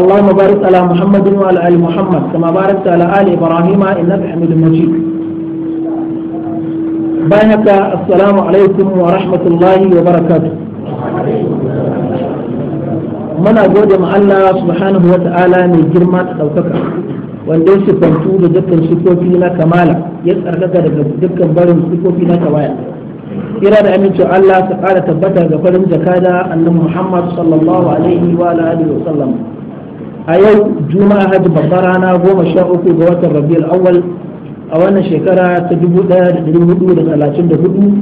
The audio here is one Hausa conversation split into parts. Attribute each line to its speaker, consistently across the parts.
Speaker 1: اللهم بارك على محمد وعلى آل محمد كما باركت على آل إبراهيم إنك حميد مجيد بينك السلام عليكم ورحمة الله وبركاته من أجود مع الله سبحانه وتعالى من او توكك وإن كان تود جدك سكو فينا كمالا يسأل لك جدك بارم سكو فينا كوايا إلى أن الله تعالى تبتع بقلم زكاة أن محمد صلى الله عليه وآله وسلم a yau juma'a hajji babbar rana goma sha uku ga watan rabiul awwal a wannan shekara ta dubu ɗaya da ɗari hudu da talatin da hudu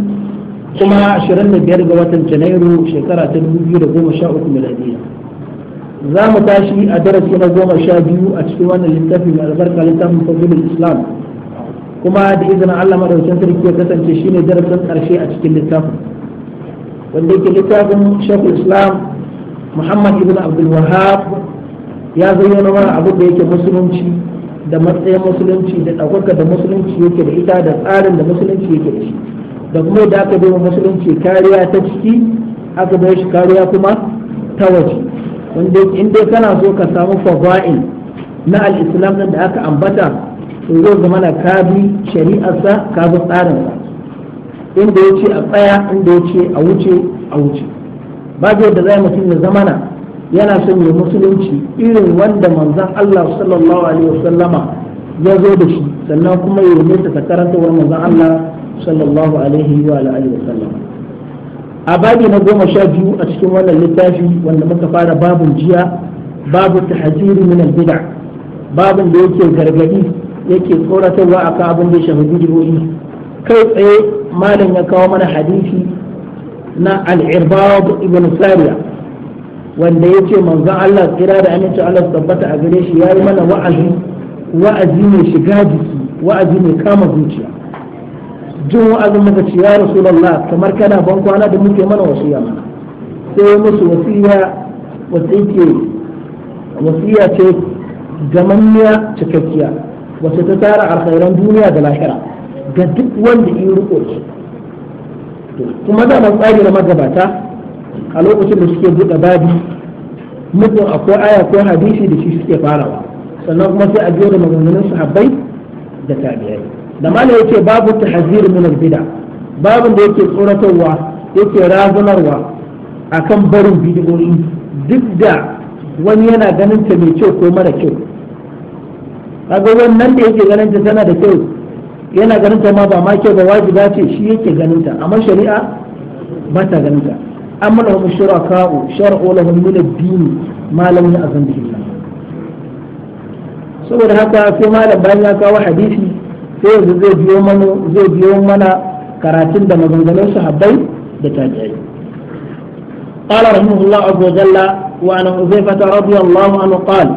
Speaker 1: kuma ashirin da biyar ga watan janairu shekara ta dubu biyu da goma sha uku miladiya za mu tashi a darasi na goma sha biyu a cikin wannan littafi mai albarka littafin fadilul islam kuma da izinin allah madaukakin sarki ya kasance shine darasin karshe a cikin littafin wanda yake littafin shekul islam muhammad ibn abdul wahab ya zayyana mana abu da yake musulunci da matsayin musulunci da ɗaukaka da musulunci yake da ita da tsarin da musulunci yake da shi da kuma da aka bai musulunci kariya ta ciki aka bai shi kariya kuma ta waje wanda in dai kana so ka samu fada'il na al-islam da aka ambata to zai zama na ka shari'arsa tsarin sa inda ya a tsaya inda ya a wuce a wuce ba zai da zai mutum ya zamana yana son ya musulunci irin wanda manzon Allah sallallahu alaihi wasallama ya zo da shi sannan kuma ya rubuta ta karantawar manzon Allah sallallahu alaihi wa alihi wasallama a babi na goma sha biyu a cikin wannan littafi wanda muka fara babun jiya babu tahziri min al-bid'a babun da yake gargadi yake tsoratarwa akan abin da ya shafi bidiyoyi kai tsaye malam ya kawo mana hadisi na al-irbad ibn sariya wanda ya ce manzon Allah kira da aminci Allah tabbata a gare shi ya yi mana wa'azi wa'azi mai shiga jiki wa'azi mai kama zuciya jin wa'azin muka ce ya kamar kana ban kwana da muke mana wasiya mana sai musu wasiya yake wasiya ce gamanniya cikakkiya wasu ta tara alkhairan duniya da lahira ga duk wanda yi riko kuma da tsari na magabata a lokacin da suke buɗe babi mutum akwai aya ko hadisi da shi suke farawa sannan kuma sai a biyo da maganganun sahabbai da tabi'ai da malai yake babu tahzir min al-bid'a babu da yake tsoratarwa yake razanarwa akan barin bid'o'i duk da wani yana ganin ta mai kyau ko mara kyau kaga wannan da yake ganin ta tana da kyau yana ganin ta ma ba ma kyau ba wajiba ce shi yake ganin ta amma shari'a ba ta ganin ta amana wa mashura kawo shara'u na hulmina dini malam na azan dini saboda haka sai malam bayan ya kawo hadisi sai yanzu zai biyo mana zai biyo mana karatun da maganganun sahabbai da tabi'ai قال رحمه الله عز وجل وعن حذيفة رضي الله عنه قال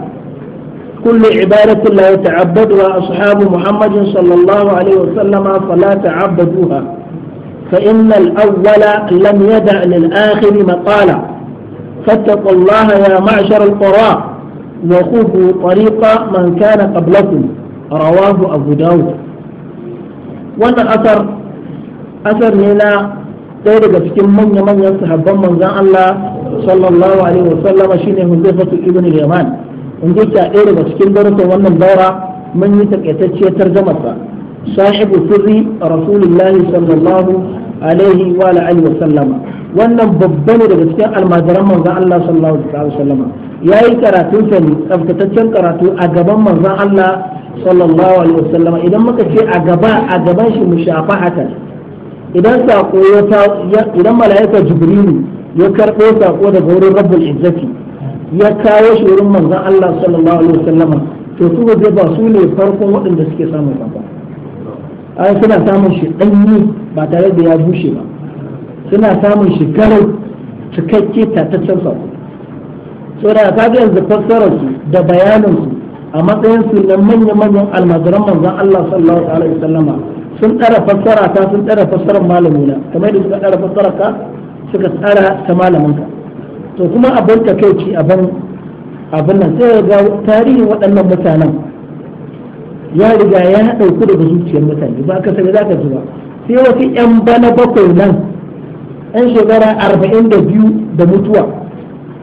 Speaker 1: كل عبادة لا يتعبدها أصحاب محمد صلى الله عليه وسلم فلا تعبدوها فإن الأول لم يدع للآخر مقالا فاتقوا الله يا معشر القراء وخذوا طريق من كان قبلكم رواه أبو داود وأن أثر أثر لنا ذلك في من من يصحب من زعل الله صلى الله عليه وسلم من هندفة ابن اليمان إن جئت إيرغا في كل برسة وأن من يتك يتشي ترجمة صاحب سر رسول الله صلى الله عليه وسلم alaihi wa alihi wa wannan babba ne daga cikin almajiran manzon Allah sallallahu alaihi wa sallama yi karatun sa ne tsaftataccen karatu a gaban manzon Allah sallallahu alaihi wa sallama idan muka ce a gaba a gaban shi haka idan sako ya idan malaika jibrilu ya karbo sako daga wurin rabbul izzati ya kawo shi wurin manzon Allah sallallahu alaihi wa sallama to su ba su ne farkon waɗanda suke samun sako ai suna samun shi ɗanye ba tare da ya bushe ba suna samun shi garau cikakke tataccen sako saboda ka ga yanzu fassarar su da bayanin su a matsayin su na manya-manyan almajiran manzon Allah sallallahu alaihi wasallama sun tsara fassara ta sun tsara fassarar malamina kamar da suka tsara fassarar ka suka tsara ta ka to kuma abin takaici abin abin nan sai ga tarihin waɗannan mutanen ya riga ya ɗauku daga zuciyar mutane ba ka sani za ka ji ba sai wasu 'yan bana bakwai nan 'yan shekara arba'in da biyu da mutuwa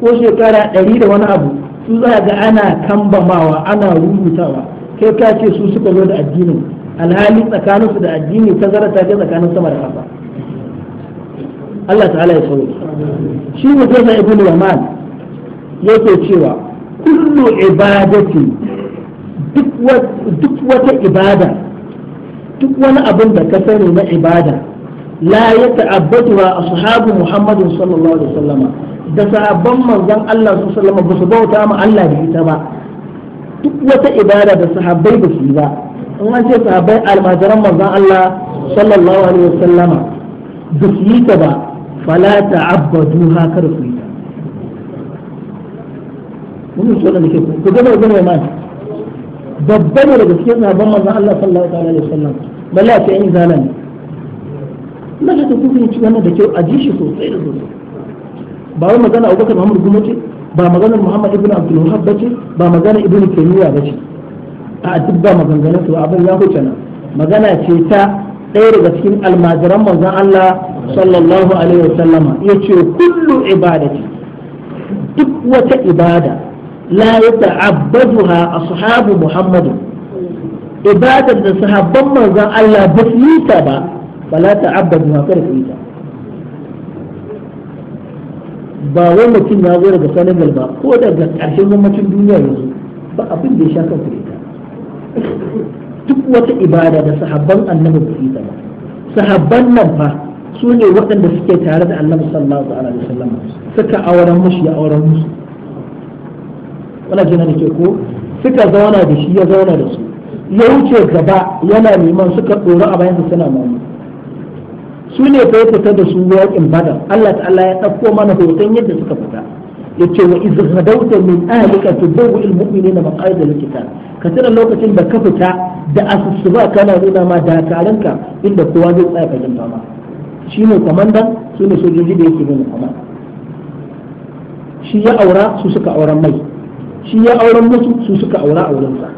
Speaker 1: ko shekara ɗari da wani abu su za ga ana kambamawa ana rubutawa kai ka ce su suka zo da addinin alhali tsakaninsu da addini zara ta ke tsakanin sama da ƙasa Allah ta'ala ya sauri shi mutum na ibn Yaman yake cewa kullu ibadati duk wata ibada duk wani abin da ka sani na ibada la ya ta'abbatu a sahabu muhammadin sallallahu alaihi wasallam da sahabban manzon Allah sallallahu alaihi wasallam ba su bauta ma Allah da ita ba duk wata ibada da sahabbai ba su yi ba in an ce sahabbai almajiran manzon Allah sallallahu alaihi wasallam ba su yi ta ba fala ta'abbadu ha kar su yi ta mun so da ke ku gaba gaba mai babba ne daga cikin sahabban manzon Allah sallallahu alaihi wasallam balle a ce in zana ne na ga ta kuka ci wannan da kyau a ji shi sosai da sosai ba wai magana Abubakar Muhammad Gumo ce ba maganar Muhammad ibn Abdul Wahhab bace ba magana Ibn Taymiyyah bace a duk ba maganganun su abin ya huce nan magana ce ta ɗaya daga cikin almajiran manzon Allah sallallahu alaihi wasallama yace kullu ibadati duk wata ibada la yata'abbaduha ashabu muhammadu ibadar da sahabban manzon Allah ba su yi ta ba fala ta'abbaduha kada ku yi ta ba wai mutum ya zo daga Senegal ba ko daga ƙarshen yammacin duniya yanzu ba abin da ya sha kan ku ita duk wata ibada da sahabban annabi ba su yi ta ba nan fa waɗanda suke tare da annabi sallallahu alaihi auren ya auren musu kuna da ke ko suka zauna da shi ya zauna da su ya wuce gaba yana neman suka ɗoro a bayan suna mamu su ne ko fita da su yaƙin badar Allah ta'ala ya dauko mana hoton yadda suka fita ya ce wa iz gadauta min ahlika tudawu almu'minina mu'minina maqaid kitab ka tana lokacin da ka fita da asusuba kana nuna ma da taranka inda kowa zai tsaya ka jinta ma ne kwamandan su ne sojoji da yake bin kuma shi ya aura su suka auren mai shi ya auren musu su suka aura aurensa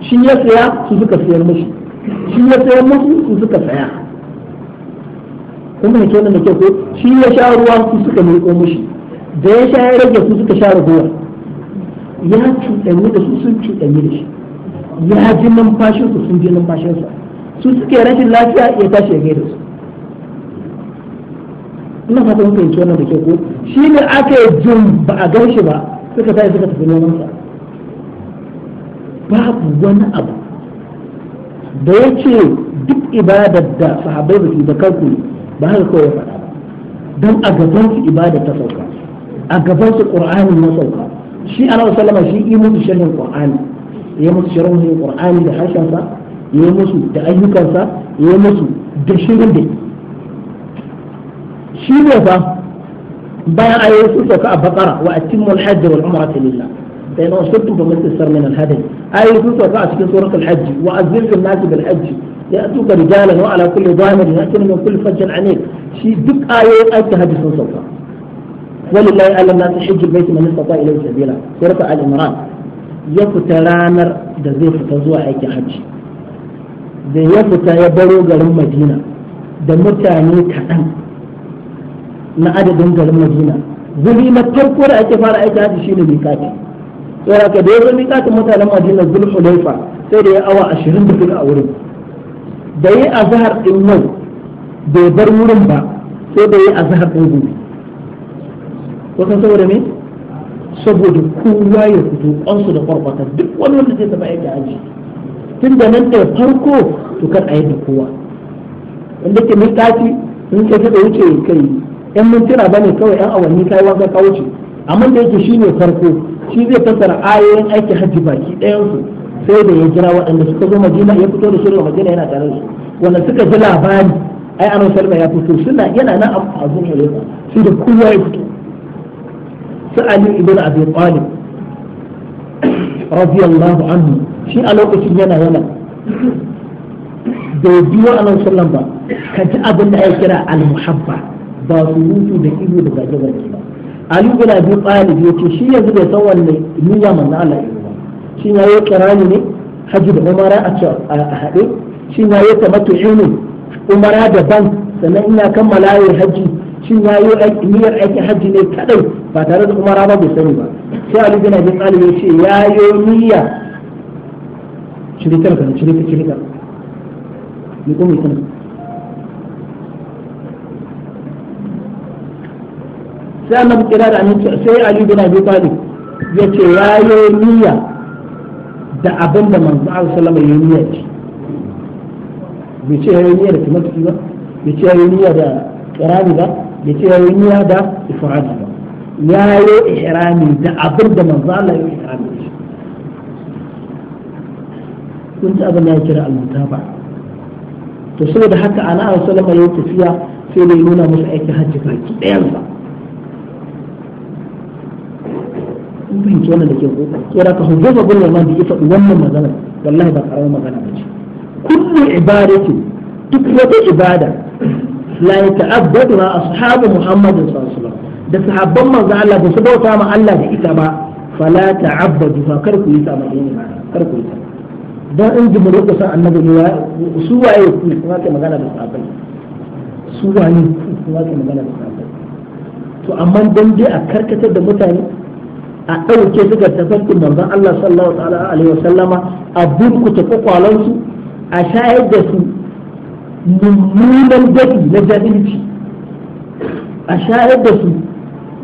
Speaker 1: shi ya saya su suka sayar mashi shi ya sayar musu su suka saya kuma ne nan da ke ko shi ya sha ruwa su suka miƙo mashi da ya sha ya rage su suka sha ragowa ya cuɗanyi da su sun cuɗanyi da shi ya ji numfashin su sun ji numfashin sa su suke rashin lafiya ya tashi ya gaida su ina fata mun fahimci wannan da ke ko shi ne aka yi jin ba a gaushe ba suka tashi suka tafi nomansa babu wani abu da ya ce duk ibadar da sahabai ba su da kanku ba haka kawai ya faɗa don a gaban su ibadar ta sauka a gaban su ƙur'ani na sauka shi ana sallama shi yi musu sharhin ƙur'ani ya musu sharhin ƙur'ani da harshensa ya musu da ayyukansa ya yi musu da shirin da shi ne fa bayan ayoyi sun sauka a bakara wa atimul hajji wal umrata lillah fa in ushirtum fa mastaysar min al hadi ayoyi sun sauka a cikin suratul hajj wa azzil fil nas bil hajj ya'tuka rijalan wa ala kulli dhamirin ya'tuna min kulli fajjin shi duk ayoyin aikin hajji sun sauka walillahi ala nas hajji bait man istata ilayhi sabila suratul al imran ya fita ranar da da ya fita ya baro garin madina da mutane kaɗan na adadin garin madina guri na farko da ake fara aiki haji shine mikati saboda ka da yazo mikatin mutanen madina zul hulaifa sai da ya awa 24 a wurin da yi azhar din yau bai bar wurin ba sai da yi azhar din gobe kusan saboda me saboda kowa ya fito kansu da kwarkwata duk wani wanda zai taba aiki haji tun da nan da farko to kar a yi da kowa wanda ke mikati in kai da wuce kai yan mintuna ba ne kawai yan awanni kai wanka ka wuce amma da yake shi ne farko shi zai fassara ayoyin aiki hajji baki ɗayansu sai da ya jira waɗanda suka zo madina ya fito da shi daga madina yana tare da su wanda suka ji labari ai annabi salma ya fito suna yana nan abu a zuwa yau sai da kowa ya fito su ali ibn abi talib radiyallahu anhu shi a lokacin yana yana bai biyo annabi sallallahu ba ka ji abin da ya kira al-muhabba ba surutu da ido da zage zage ba ali bin abi talib yace shi yanzu bai san wanne niyya manzo Allah ya ba shi ya yi kirani ne haji da umara a ce a hade shi ya yi tamattu'i ne umara daban sannan ina kammala yi haji shi ya yi niyyar aiki haji ne kadai ba tare da umara ba bai sani ba sai ali bin abi talib yace ya yi niyya shiritar ka shiritar shiritar ni kuma sai annabi da sai ali bin yace niyya da abin da manzo Allah sallallahu da ba bai yayi niyya da ba da ba da abin da ya ihrami kun ta abin da ya kira al-mutaba to saboda haka ana sallallahu alaihi wasallam tafiya sai da nuna musu aikin hajji baki ɗayansa kun fahimci wannan da ke ko saboda ka hujjata bin yaman da ke faɗi wannan magana wallahi ba karamar magana ba ce kullu ibadatu duk wata ibada la yata'abbadu ma ashabu muhammadin sallallahu alaihi da sahabban manzo Allah da su bauta ma Allah da ita ba fala ta'abbadu fa kar ku yi ta ba kar ku yi ta dan in jimuru ku san annabi ne su waye ku kuma ke magana da sahabbai su waye ku kuma ke magana da sahabbai to amma dan dai a karkatar da mutane a ɗauke su ga tafarkin manzon Allah sallallahu alaihi wasallama a burkuta kwakwalansu a shayar da su mummunan dafi na jahilci a shayar da su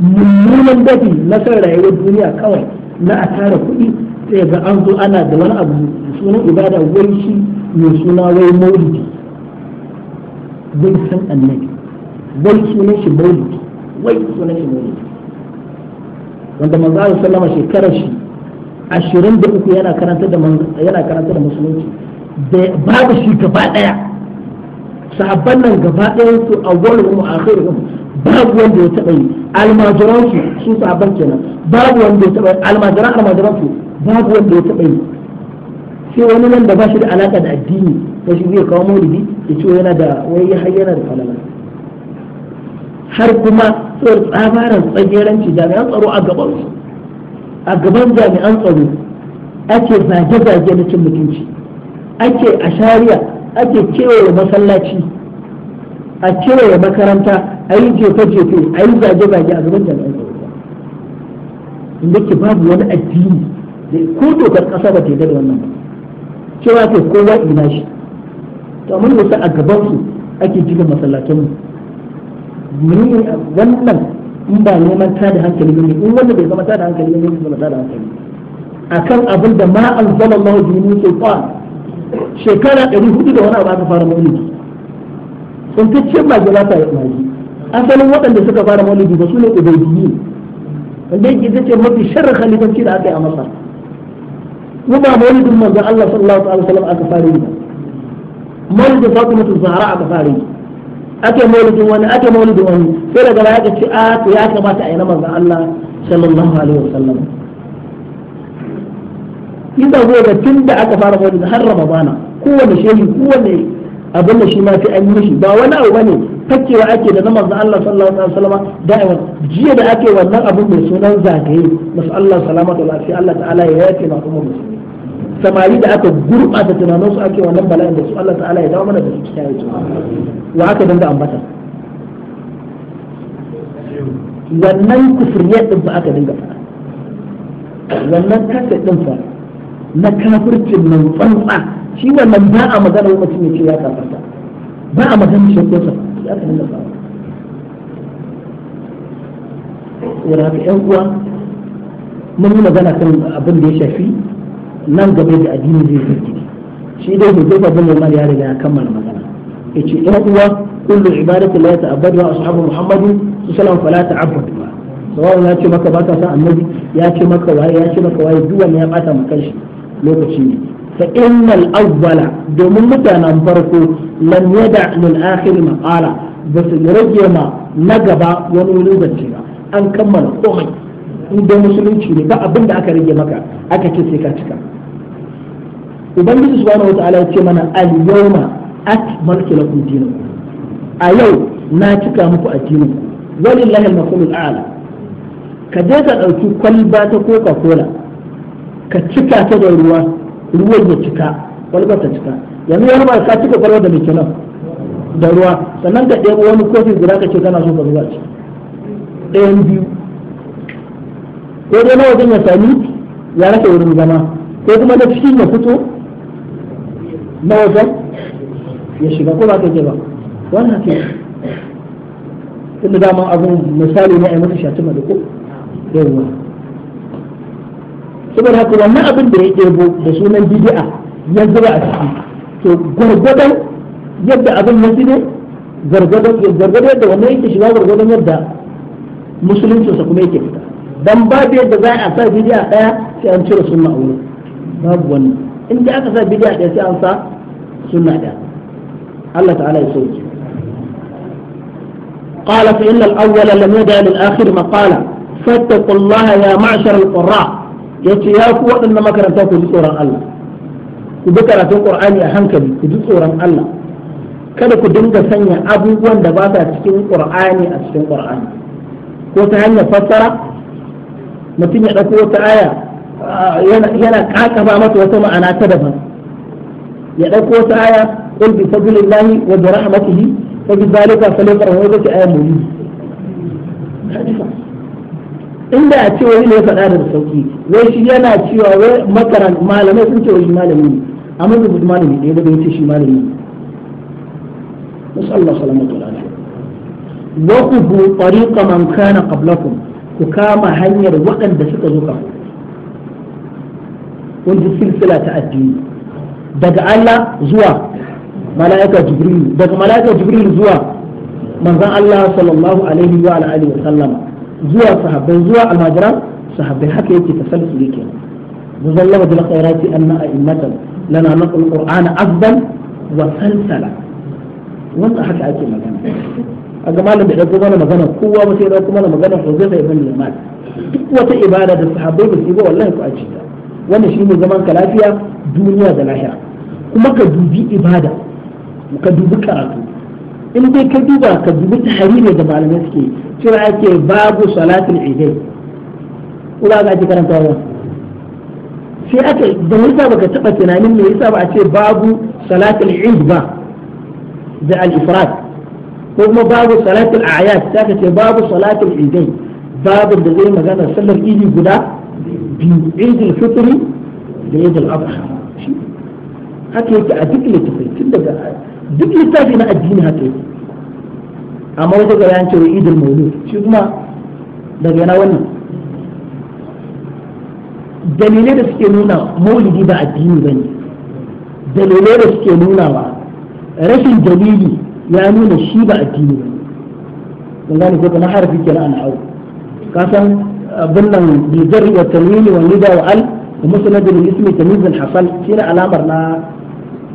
Speaker 1: mummunan dafi na san rayuwar duniya kawai na a tara kuɗi sai ga an zo ana da wani abu sunan ibada wai shi mai suna wai maulidi wai san annabi wai sunan shi maulidi wai sunan shi maulidi wanda manzo Allah sallama shekarar shi 23 yana karanta da yana karanta da musulunci da babu shi gaba daya sahabban nan gaba daya su awwaluhum akhiruhum babu wanda ya taba yi almajiran su su sahabban kenan babu wanda ya taba yi almajiran almajiran su babu wanda ya taba yi sai wani nan da ba shi da alaka da addini sai shi zai kawo maulidi ya ce yana da wai ya hayyana da falala har kuma tsawar tsabaran tsageranci jami'an tsaro a gaban su a gaban jami'an tsaro ake zage-zage na cin mutunci ake a shari'a ake kewaye masallaci a kewaye makaranta a yi jefe-jefe a yi zage-zage a gaban jami'an tsaro inda ke babu wani addini da ko dokar kasa ba ta yi da wannan ba cewa ke kowa ina shi to amma a gaban su ake jiga masallatan a wannan in ba neman ta da hankali ne in wanda bai zama ta da hankali ne ne zama ta da hankali kan abin da ma anzalallahu ne ke sultan shekara 400 da wani abu aka fara maulidi sun ta ce ba gaba ta yi maulidi asalin waɗanda suka fara maulidi ba su ne ubaidiyyi wanda yake ita ce mafi sharri khalifanci da aka yi a masa kuma maulidin manzan Allah sallallahu alaihi wasallam aka fara yi ba maulidin Fatimatu Zahra aka fara yi ake maulidin wani ake maulidin wani sai daga baya ka ce a to ya kamata a yi na manzon Allah sallallahu alaihi wasallam inda zai da tun da aka fara maulid har ramadana kowane shehi kowane abin da shi ma sai an yi shi ba wani abu bane fakewa ake da na manzon Allah sallallahu alaihi wasallam da'iwa jiya da ake wannan abu mai sunan zagaye masu Allah salamatu lafiya Allah ta'ala ya yafe ma kuma musulmi samari da aka gurɓata tunanin su ake wannan bala'in da su Allah ta'ala ya dawo mana da su cikin yaji wa aka dinga ambata wannan kufriyar din ba aka dinga fara wannan kasa din fa na kafircin nan tsantsa shi wannan ba a magana mutum ya ce ya kafarta ba a magana shi ko sa ya aka dinga fara yana ga yan uwa mun yi magana kan abin da ya shafi nan gaba da addini zai firgiti shi dai hujjata bin Umar ya riga ya kammala magana ce ɗan uwa kullu ibadatu la ta'abbadu ashabu Muhammadu sallallahu fala ta'abbadu ba sawan ya ce maka baka san annabi ya ce maka waye ya ce maka waye duk wanda ya bata maka shi lokaci ne fa innal awwala domin mutanen farko lam yada lil akhir maqala ba su rage ma na gaba wani lokaci ba an kammala komai in da musulunci ne ba abin da aka rage maka aka ce sai ka cika ubangiji subhanahu wataala ya ce mana al yawma akmaltu lakum dinakum a yau na cika muku addinin walillahi al-maqamul a'la ka je ka dauki kwalba ta coca cola ka cika ta da ruwa ruwan ya cika kwalbar ta cika yanzu yana ba ka cika kwalbar da mai kenan da ruwa sannan ka ɗebo wani kofi guda ka ce kana so ka zuba ci ɗayan biyu ko dai na wajen ya sami ya rasa wurin zama ko kuma na cikin ya fito na wajen ya shiga ko ba ta je ba wannan ke tunda dama abin misali ne a yi masa shatima da ko yawwa saboda haka wannan abin da ya ɗebo da sunan bid'a ya zuba a ciki to gwargwadon yadda abin ya ne gwargwadon gwargwadon yadda wannan yake shiga gwargwadon yadda musuluncinsa kuma yake fita dan babu yadda za a sa bid'a daya sai an cire sunna a wurin babu wannan in da aka sa bid'a da sai an sa sunna da Allah ta'ala ya sauke قال فإن الأول لم يدع للآخر مقالا فاتقوا الله يا معشر القراء يتياكوا أن ما كرمتاكوا بصورة الله وذكر في القرآن أهنكم بصورة الله kada ku dinga sanya abubuwan da basa cikin qur'ani a cikin qur'ani ko ta hanyar fassara mutum ya ɗauko wata aya yana kakaba mata wata ma'ana ta daban ya ɗauko wata aya qul bi fadlillahi wa bi rahmatihi fa bi zalika falyafrahu wa bi ayyin mulki inda a ce wani ne ya faɗa da sauki wai shi yana cewa wai makaran malamai sun ce wai shi malami ne amma bai mutu malami ɗaya ba bai ce shi malami ne musallah salamatu alaihi wa ku bu tariqa man kana qablakum ku kama hanyar waɗanda suka zo kafin wanda silsila ta addini daga Allah zuwa mala'ika jibril daga mala'ika jibril zuwa manzon Allah sallallahu alaihi wa alihi wa sallama zuwa sahabbai zuwa almajiran sahabbai haka yake tasalsul yake muzallama bil khairati anna a'immatan lana naqul qur'ana azban wa salsala wannan haka ake magana a ga malam da bai dauko mana magana kowa ba sai ya dauko mana magana ko zai bai bani mal duk wata ibada da sahabbai ba su yi ba wallahi ku ajiye wanda shi ne zaman ka lafiya duniya da lahira kuma ka dubi ibada ka dubi karatu in dai ka duba ka dubi tahriri da malamai suke cewa ake babu salatul idai kula ga ake karantawa sai aka da yasa baka taba tunanin me yasa ba a ce babu salatul id ba da al-ifrad ko kuma babu salatul ayat sai ka ce babu salatul idai babu da zai magana sallar idi guda biyu idul fitri da idul adha haka yake a duk littafin tun daga duk littafi na addini haka yake amma wata ga yan cewa idul maulud shi kuma daga yana wannan dalilai da suke nuna maulidi ba addini bane dalilai da suke nuna ba rashin dalili ya nuna shi ba addini bane kun gane ko kuma harafi kenan an hau ka san abin nan bizar wa tanwini wa nida wa al da musu na birnin ismi tamiz bin hasan alamar na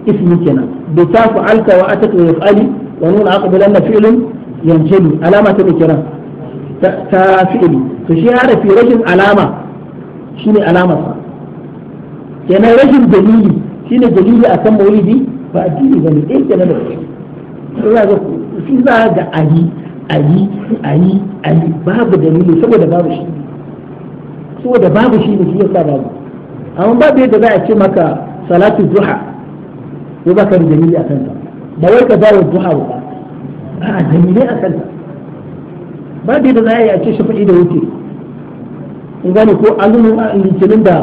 Speaker 1: ismi kenan bi ta ku alka ya fa'ali wa nuna aka bi lalla fi'lin yanjeli alama ta bi kiran ta fi'li to shi ya rafi rashin alama shi ne alamar sa kenan rashin dalili shi dalili a kan maulidi ba addini ba ne ɗin eh kenan da shi za ga ayi ayi ayi ayi babu dalili saboda babu shi saboda babu shi ne shi yasa babu amma babu yadda za a ce maka salatu duha ko baka da dalili a kanta ba wai ka dawo duha ba a dalilai a kanta babu yadda za a yi a ce shafi'i da wuce in gane ko azumin litinin da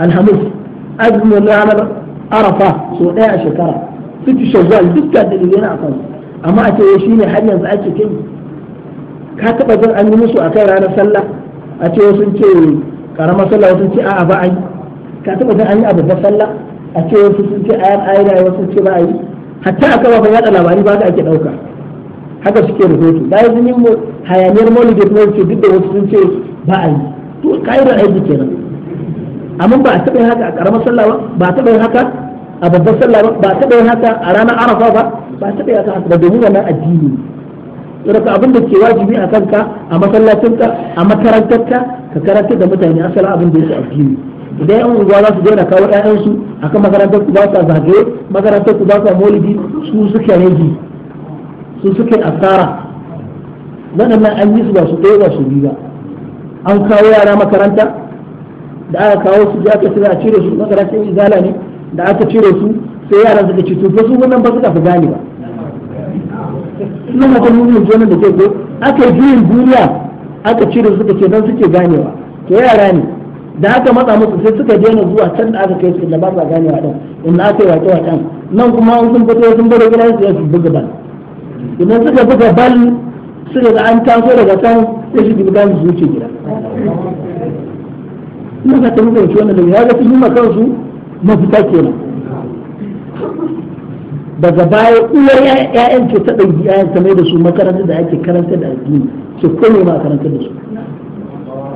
Speaker 1: alhamis azumin ranar arafa so daya a shekara suke shawwal dukkan dalilai a akan amma a ce shi ne har yanzu ake kai ka taba jin an yi musu akan ranar sallah a ce sun ce karamar sallah sun ce a'a ba ai ka taba jin an yi abu sallah a ce wasu sun ce ayar ayar ayar wasu ce ba ai hatta a kafafen da labari ba ka ake dauka haka suke rahoto yanzu sun yi hayaniyar maulidi kuma ce duk da wasu sun ce ba ai to ka'idar aiki kenan amma ba a taba yin haka a ƙaramar sallah ba ba a taba yin haka a babbar sallah ba ba a taba yin haka a ranar arafa ba ba a taba yin haka ba domin wannan addini saboda abin da ke wajibi a kanka a masallacinka a makarantarka ka karanta da mutane asali abin da yake addini idan yan unguwa za su daina kawo ƴaƴansu kan makarantar ku ba sa zage makarantar ku ba sa maulidi su suke rage su suke asara waɗannan an yi su ba su ɗaya ba su biyu ba an kawo yara makaranta da aka kawo su aka ce a cire su makarantar izala ne da aka cire su sai yaran suka ci su fa su wannan ba suka fi gane ba
Speaker 2: ina ma ta nuna
Speaker 1: jona da ke ko aka juyin duniya aka cire suka ce don suke ganewa to yara ne da aka matsa musu sai suka daina zuwa can da aka kai su da ba sa ganewa din in aka yi wace wacen nan kuma an sun fito sun bada gidan su ya su buga bal idan suka buga bal suka ga an taso daga can sai shi gidan su zuce gida ina ka ta mutunci wannan da ya ga sun yi ma kansu mafita kenan daga baya uwar ƴaƴan ce ta ɗauki ƴaƴan ta mai da su makarantar da ake karanta da addini su kone ma karantar da su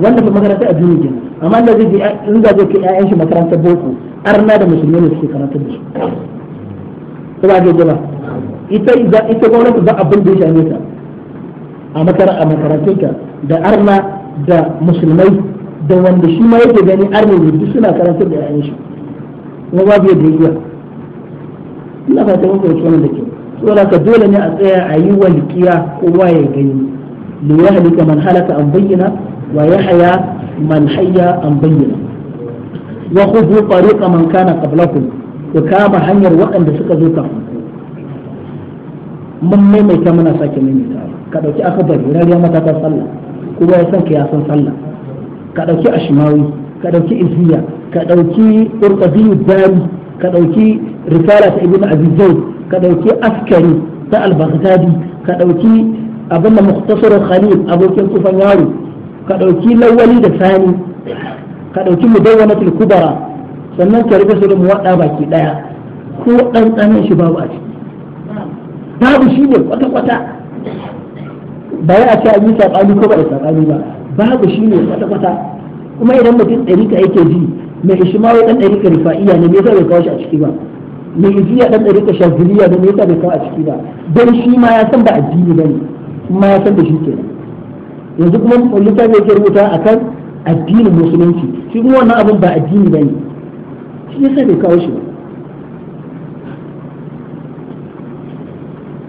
Speaker 1: wanda ba makarantar addini ke amma da zai in za zai kai ƴaƴan shi makarantar boko arna da musulmi ne suke karantar da su ko ba gaje ba ita ita gwamnati ba abin da ya shafe ta a makarantar ta da arna da musulmai da wanda shi ma yake gani arna ne duk suna karantar da ƴaƴan shi kuma babu da ya ina fata mun fahimci wannan da kyau saboda ka dole ne a tsaya a yi walƙiya kowa ya gani ne ya yahlika man halaka an bayyana wa yahya man hayya an bayyana wa khudhu tariqa man kana qablakum ku kama hanyar waɗanda suka zo kafin mun maimaita muna sake maimaita ka dauki akabari mata matakan sallah kowa ya san ka ya san sallah ka ɗauki ashimawi ka dauki izziya ka dauki qurtabi dari ka ɗauki risala ta ibn abizai ka ɗauki askari ta al-baghdadi ka ɗauki abin da mukhtasarul khalil abokin kufan yaro ka ɗauki lawali da sani ka ɗauki mudawwanatul kubara sannan ka rufe su da muwaɗa baki ɗaya ko ɗanɗanon shi babu a ciki babu shi ne kwata-kwata ba ya ce an yi saɓani ko ba da saɓani ba babu shi ne kwata-kwata kuma idan mutum ɗari ka yake ji mai ishmawi dan ɗarika rifa'iya ne me yasa bai kawo shi a ciki ba mai ijiya dan ɗarika shaziliya ne me yasa bai kawo a ciki ba don shi ma ya san ba addini ba ne kuma ya san da shi kenan yanzu kuma littafi yake rubuta akan addinin musulunci shi kuma wannan abin ba addini ba ne shi yasa bai kawo shi ba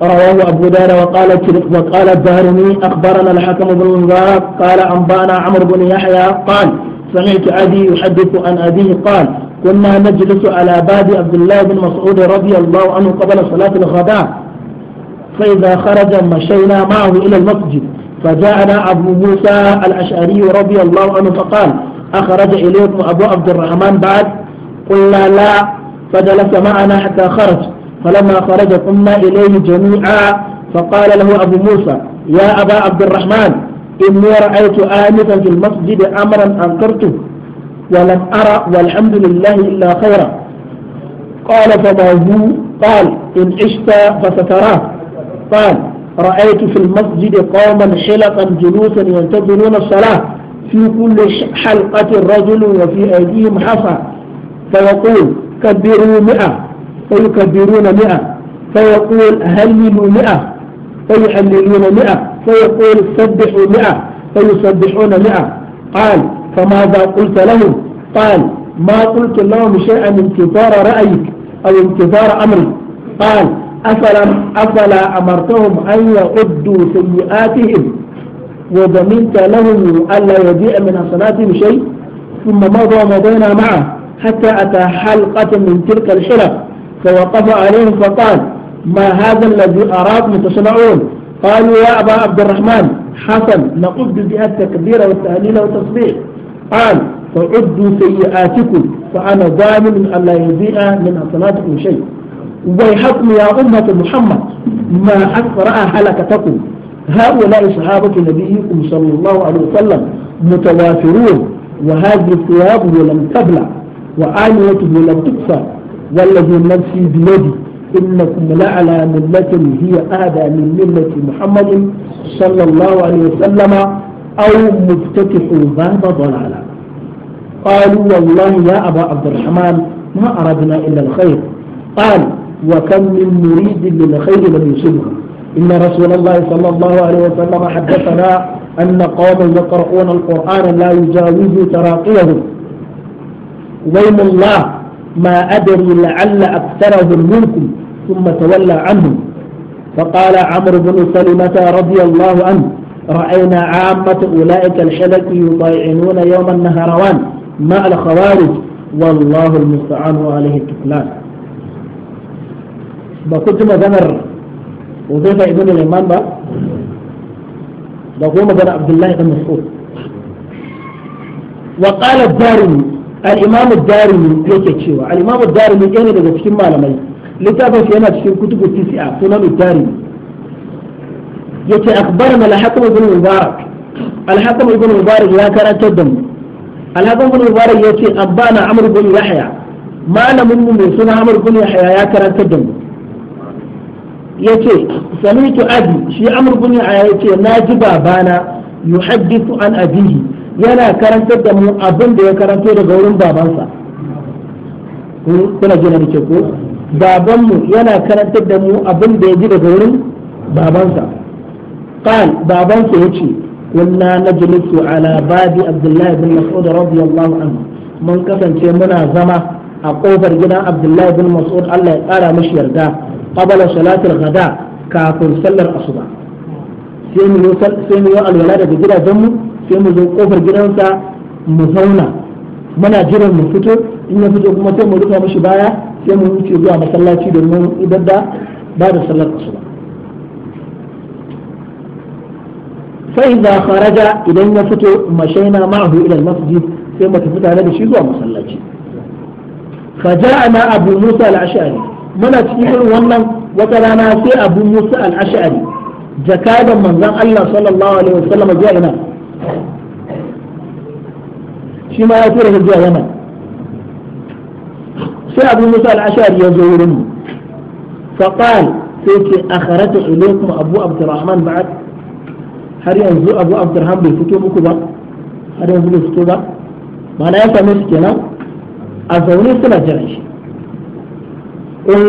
Speaker 1: رواه أبو دار وقال وقال الدارمي أخبرنا الحكم بن مبارك قال أنبانا عمرو بن يحيى قال سمعت أبي يحدث عن أبيه قال كنا نجلس على باب عبد الله بن مسعود رضي الله عنه قبل صلاة الغداء فإذا خرج مشينا معه إلى المسجد فجاءنا أبو موسى الأشعري رضي الله عنه فقال أخرج إليكم أبو عبد الرحمن بعد قلنا لا فجلس معنا حتى خرج فلما خرج قمنا إليه جميعا فقال له أبو موسى يا أبا عبد الرحمن إني رأيت آنفا في المسجد أمرا أنكرته ولم أرى والحمد لله إلا خيرا قال فما هو قال إن عشت فستراه قال رأيت في المسجد قوما حلقا جلوسا ينتظرون الصلاة في كل حلقة رجل وفي أيديهم حصى فيقول كبروا مئة فيكبرون مئة فيقول هللوا مئة فيحللون مئة فيقول سبحوا مئة فيسبحون مئة قال فماذا قلت لهم قال ما قلت لهم شيئا انتظار رأيك أو انتظار أمري قال أفلا, أفلا أمرتهم أن يعدوا سيئاتهم وضمنت لهم ألا يجيء من صلاتهم شيء ثم مضى مضينا معه حتى أتى حلقة من تلك الحلق فوقف عليهم فقال ما هذا الذي أراكم تصنعون قالوا يا أبا عبد الرحمن حسن نقبل بها التكبير والتهليل والتصبيح قال فعدوا سيئاتكم فأنا ظالم أن لا يضيع من أصلاتكم شيء ويحكم يا أمة محمد ما أكثر هلكتكم هؤلاء صحابة نبيكم صلى الله عليه وسلم متوافرون وهذه ثيابه لم تبلع وآنيته لم تكسر والذي نفسي بيدي إنكم لعلى ملة هي أهدى من ملة محمد صلى الله عليه وسلم أو مفتتح باب ضلالة قالوا والله يا أبا عبد الرحمن ما أردنا إلا الخير قال وكم من مريد للخير لم يصبه إن رسول الله صلى الله عليه وسلم حدثنا أن قوما يقرؤون القرآن لا يجاوز تراقيهم ويم الله ما أدري لعل أكثرهم منكم ثم تولى عنهم فقال عمرو بن سلمة رضي الله عنه رأينا عامة أولئك الحلق يطيعنون يوم النهروان مع الخوارج والله المستعان وعليه الكفلان ما مذمر وضيف ابن الإمام بقوم بن عبد الله بن مسعود وقال الدارمي الإمام الدارمي يكتشف الإمام الدارمي كان إيه إذا ما لم ميت littafin shi yana cikin kutubu tisi'a sunan tari yace akhbarana al-hakim ibn mubarak al-hakim ibn mubarak ya karantar da mu al-hakim ibn mubarak yace abbana amr ibn yahya malamin mu mai suna amr ibn yahya ya karantar da mu yace sami'tu abi shi amr ibn yahya yace ji babana yuhaddithu an abihi yana karantar da mu abin da ya karanto daga wurin babansa kuna jina da ke ko babanmu yana karantar da mu abin da ya ji daga wurin babansa qal babansa yace kunna najlisu ala babi abdullah ibn mas'ud radiyallahu anhu mun kasance muna zama a kofar gidan abdullah ibn mas'ud Allah ya kara mishi yarda qabala salatul ghada kafin sallar asuba sai mu sai mu alwala daga mu sai mu zo kofar gidansa mu zauna muna jiran mu fito in ya fito kuma sai mu rufa mishi baya sai mu wuce zuwa masallaci domin idan da ba da sallar asuba fa idza kharaja idan ya fito mashaina ma'ahu ila al-masjid sai mu tafi tare da shi zuwa masallaci fa ja'ana abu musa al-ash'ari muna cikin irin wannan wata rana sai abu musa al-ash'ari jakadan manzon Allah sallallahu alaihi wasallam ya ina shi ma ya tura zuwa yana sai abu musa al-ashari ya zo wurin mu fa sai ce akharatu ilaykum abu abdurrahman ba'd har yanzu abu abdurrahman bai fito muku ba har yanzu bai fito ba ma'ana ya same su kenan a zaune suna jiran shi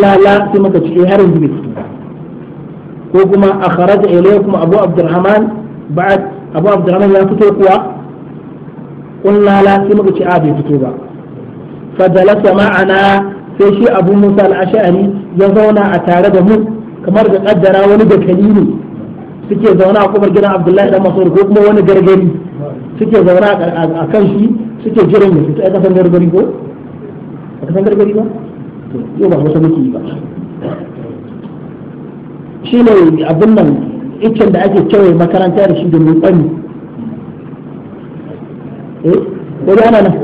Speaker 1: lala sai muka ce eh, har yanzu bai fito ba ko kuma akharatu ilaykum abu abdurrahman ba'd abu abdurrahman ya fito kuwa lala sai muka ce a ah, bai fito ba fajalasa ma'ana sai shi abu musa al-ash'ari ya zauna a tare da mu kamar da kaddara wani da kalili suke zauna a kofar gidan abdullahi dan mas'ud ko kuma wani gargari suke zauna a kan shi suke jiran ya fito a kasan gargari ko a kasan gargari ba to yau ba hausa muke ba shi ne abin nan iccen da ake kewaye makaranta da shi domin kwani eh ko ana nan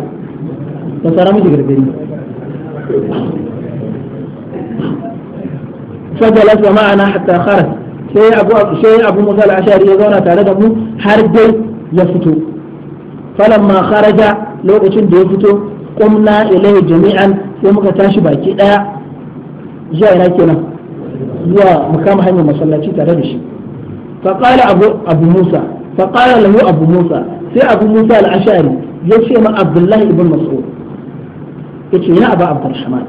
Speaker 1: ta sara miki gargari
Speaker 2: fajalasa ma'ana hatta kharaj
Speaker 1: sai abu sai abu musa al-ashari ya zauna tare da mu har dai ya fito falamma kharaja lokacin da ya fito qumna ilayhi jami'an sai muka tashi baki daya zuwa ina kenan zuwa mu kama hanyar masallaci tare da shi abu musa أبو, أبو موسى فقال له أبو موسى سي أبو موسى الأشعري يشيم عبد الله بن مسعود yace ya abu shaman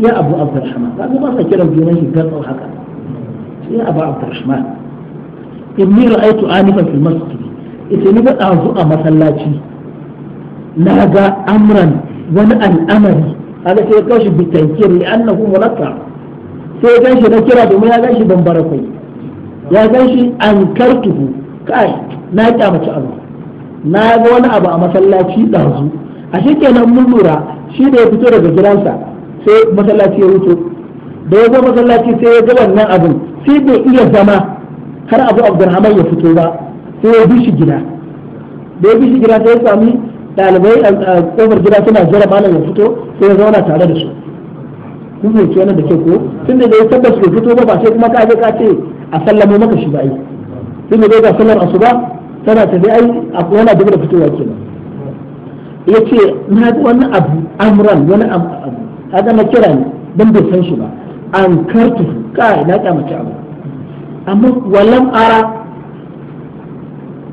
Speaker 1: ya abu shaman ba ba sa kiran junan shi gatsau haka ya abu abdurrahman inni ra'aytu anifan fil masjid yace ni ga dazu a masallaci na ga amran wani al'amari haka sai ya kawo shi bitankir li annahu mulakka sai ya ganshi na kira domin ya ganshi bambara kai ya ganshi an kartuhu kai na kyamaci abu na ga wani abu a masallaci ɗazu a shi kenan mun lura shi da ya fito daga gidansa sai masallaci ya wuce da ya zo masallaci sai ya ga wannan abin sai bai iya zama har abu abdurrahman ya fito ba sai ya bi shi gida da ya bi shi gida sai ya sami ɗalibai a kofar gida suna jira malam ya fito sai ya zauna tare da su kun fahimci wannan da ke ko tun da ya tabbas bai fito ba ba sai kuma ka je ka ce a sallamo maka shi ba yi tun da dai ga sallar asuba tana tafi ai a wani abu da fitowa kenan ya ce na ga wani abu amran wani abu kaga na kira ne don bai san shi ba an kartu kai na kyamace abu amma walam ara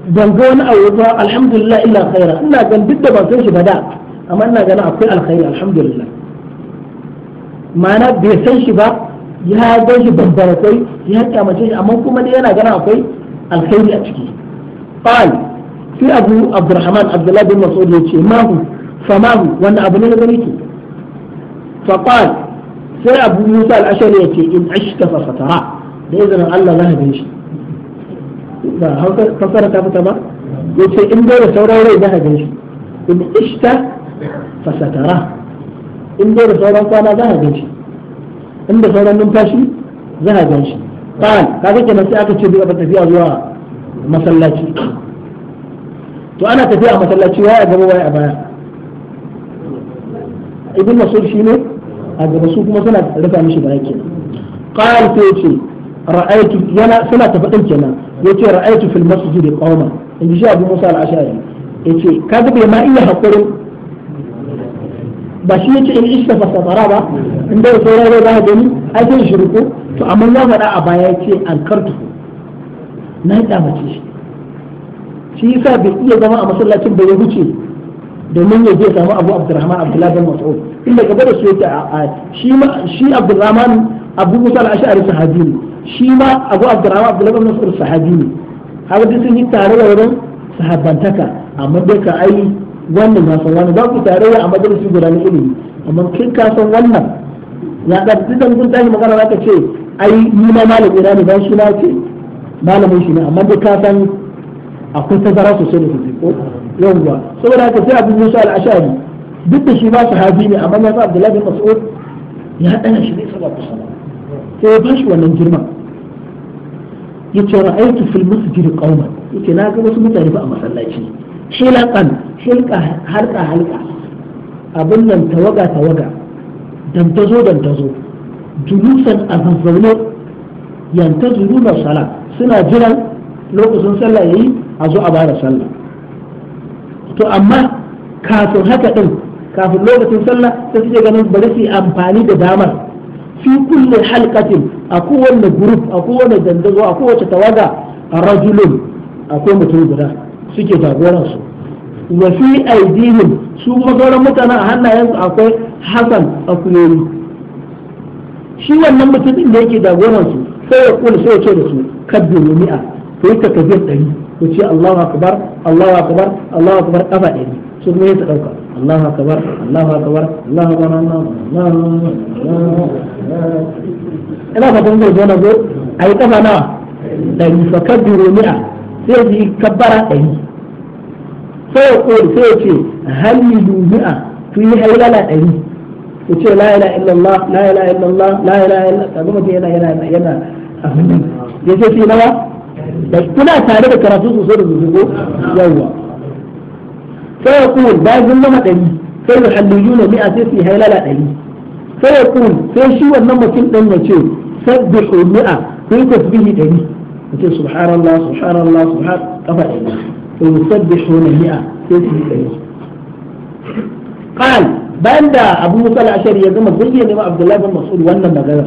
Speaker 1: ban ga wani abu ba alhamdulillah illa khaira ina gan duk da ban san shi ba da amma ina ganin akwai alkhairi alhamdulillah ma'ana bai san shi ba ya gan shi bambara kai ya kyamace shi amma kuma dai yana ganin akwai alkhairi a ciki qal sai abu abdurrahman abdullahi bin mas'ud ya ce mahu famahu wannan abu ne na gani ke Fa faqal sai abu musa al-ashari ya ce in ashta fa satara da izinin Allah za ka shi ba hausa fasara ta fita ba ya ce in dole da sauran rai za ka shi in ishta fa satara in dole da sauran kwana za ka shi in da sauran numfashi za ka shi qal kaga kenan sai aka ce duk ba tafiya zuwa masallaci to ana tafiya a masallaci waya gaba waya a baya ibn masud shine a gaba su kuma suna rufa mishi baya kenan qal sai yace ra'aytu yana suna ta fadin kenan yace ra'aytu fil masjid qauma in ji Abu Musa al-Ash'ari yace kaga bai ma iya hakurin ba shi yace in ishta fasara ba in da sai rai ba gani ai sai shirku to amma ya fada a baya yace alkartu na yi mace shi shi yasa bai iya zama a masallacin ba ya wuce domin ya je samu Abu Abdurrahman Abdullah bin Mas'ud inda gaba da su yake a shi ma shi Abdurrahman Abu Musa al-Ash'ari sahabi ne shi ma Abu Abdurrahman Abdullah bin Mas'ud sahabi ne haka duk sun yi tare da wurin sahabbantaka amma dai ka ai wannan na san wani ba ku tare a majalisi guda na ilimi amma ka san wannan ya da dukkan kun tashi magana zaka ce ai ni ma malami ne ban shi ce malamin shi ne amma dai ka san akwai tazara sosai da sosai ko yawwa saboda haka sai abin musa al'ashari duk da shi ba su sahabi ne amma ya sa abdullahi bin mas'ud ya dana shi ne saboda kusa sai ya shi wannan girman ce ra'aytu fil masjid qauman yake na ga wasu mutane ba a masallaci hilaqan hilqa halqa halqa abin nan tawaga tawaga dantazo dantazo julusan a zazzaune yantazuruna sala suna jiran lokacin sallah yayi a zo a bada sallah to amma kafin haka din kafin lokacin sallah sai suke ganin bari su amfani da damar fi kulli halqatin a kowanne group a kowanne dandazo a kowace tawaga rajulun akwai mutum guda suke su wa fi aidihim su kuma sauran mutanen a hannayensu akwai hasan akuyoyi shi wannan mutum din da yake jagoransu sai ya kula sai ya ce da su kaddu mi'a kai ta kabir ɗari ku ce Allahu akbar Allahu akbar Allahu akbar kafa ɗari su kuma ta ɗauka Allahu akbar Allahu akbar Allahu akbar Allahu ina fatan zai zo na zo ai kafa nawa ɗari fa kabiru mi'a sai ji kabbara ɗari sai ya ƙori sai ya ce halilu mi'a tu yi hailala ɗari ku ce la ilaha illallah la ilaha illallah la illa illallah ka gama ce yana yana yana abin nan ya ce fi nawa kuna tare da karatu sosai da sosai ko yawwa sai ya kuwa bayan zama ɗari sai da halliyu na mi'a sai su yi hailala ɗari sai ya kuwa sai shi wannan mutum ɗan ya ce sai sabbi mi'a sai tasbihi ɗari ya ce subhanallah subhanallah subhan kafa ɗari sai yusabbihu na mi'a sai su yi ɗari qal bayan da Abu Musa al-Ashari ya gama bayyana ma Abdullahi bin Mas'ud wannan magana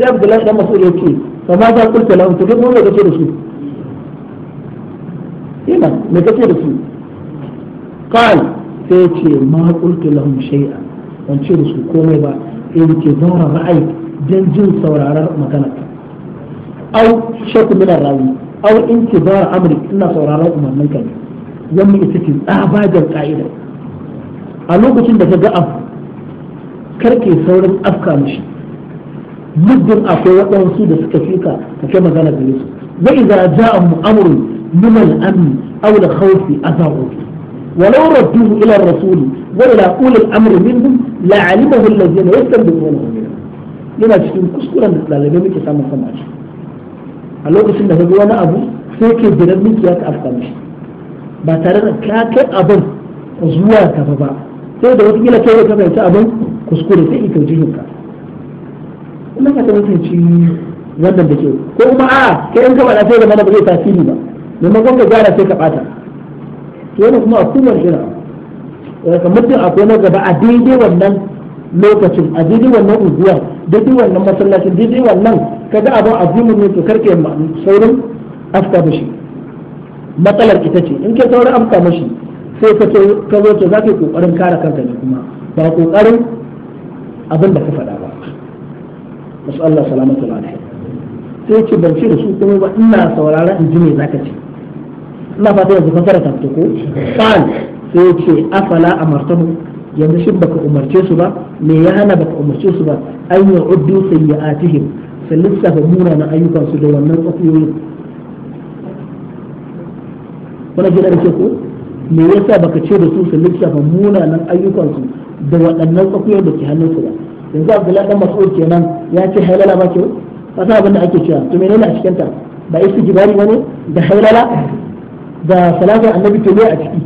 Speaker 1: sai Abdullahi bin Mas'ud ya ce fa ma za kulta lahu to kuma da ce da su kenan me kace da su qal sai ce ma qultu lahum shay'a ban ce da su komai ba in ce zaura ra'ayi dan jin sauraron magana au shakku min ra'ayi au in ce intizar amri ina sauraron umarnin ka ne wannan ita ce tsabagen ka'ida a lokacin da ka ga abu karke saurin afka mishi muddin akwai waɗansu da suka fika ka kai magana da su wa idza ja'a mu'amrun من الأمن أو الخوف أثره ولو ردوه إلى الرسول وإلى أولي الأمر منهم لعلمه الذين يستنبطونه منهم yana cikin kuskuren da ɗalibai muke samun sama a lokacin da kaga wani abu sai ke jiran miki ya ka mishi ba tare da ka kai abin zuwa ka ba sai da wata kai ka fahimci abin kuskure sai ita jihin ka kuma ka ta mutunci wannan da ke ko kuma a kai in ka faɗa sai da mana ba zai tasiri ba maimakon ka gyara sai ka bata to yana kuma a kumar shira daga mutum akwai na gaba a daidai wannan lokacin a daidai wannan unguwar daidai wannan masallacin daidai wannan kaga abin azimin ne to karke saurin afka mishi matsalar ita ce in ke saurin afka mishi sai ka ka zo to zaka yi kokarin kare kanka ne kuma ba kokarin abin da ka faɗa ba masu Allah salamatu alaihi sai ce ban ce da su kuma ba ina sauraron in ji me zaka ce ina fata yanzu ka karanta ta ko qal sai ce afala amartahu yanzu shin baka umarce su ba me ya hana baka umarce su ba an yi uddu sayyi'atihim su lissafa na ayyukan su da wannan tsakuyoyin kuna jira da ke ko me yasa baka ce da su su lissafa na ayyukan su da waɗannan tsakuyoyin da ke hannun su ba yanzu abdullahi dan mas'ud kenan ya ce halala ba ke ba abin da ake cewa to menene a cikin ta ba istigbari bane da halala da salatin annabi to ne a ciki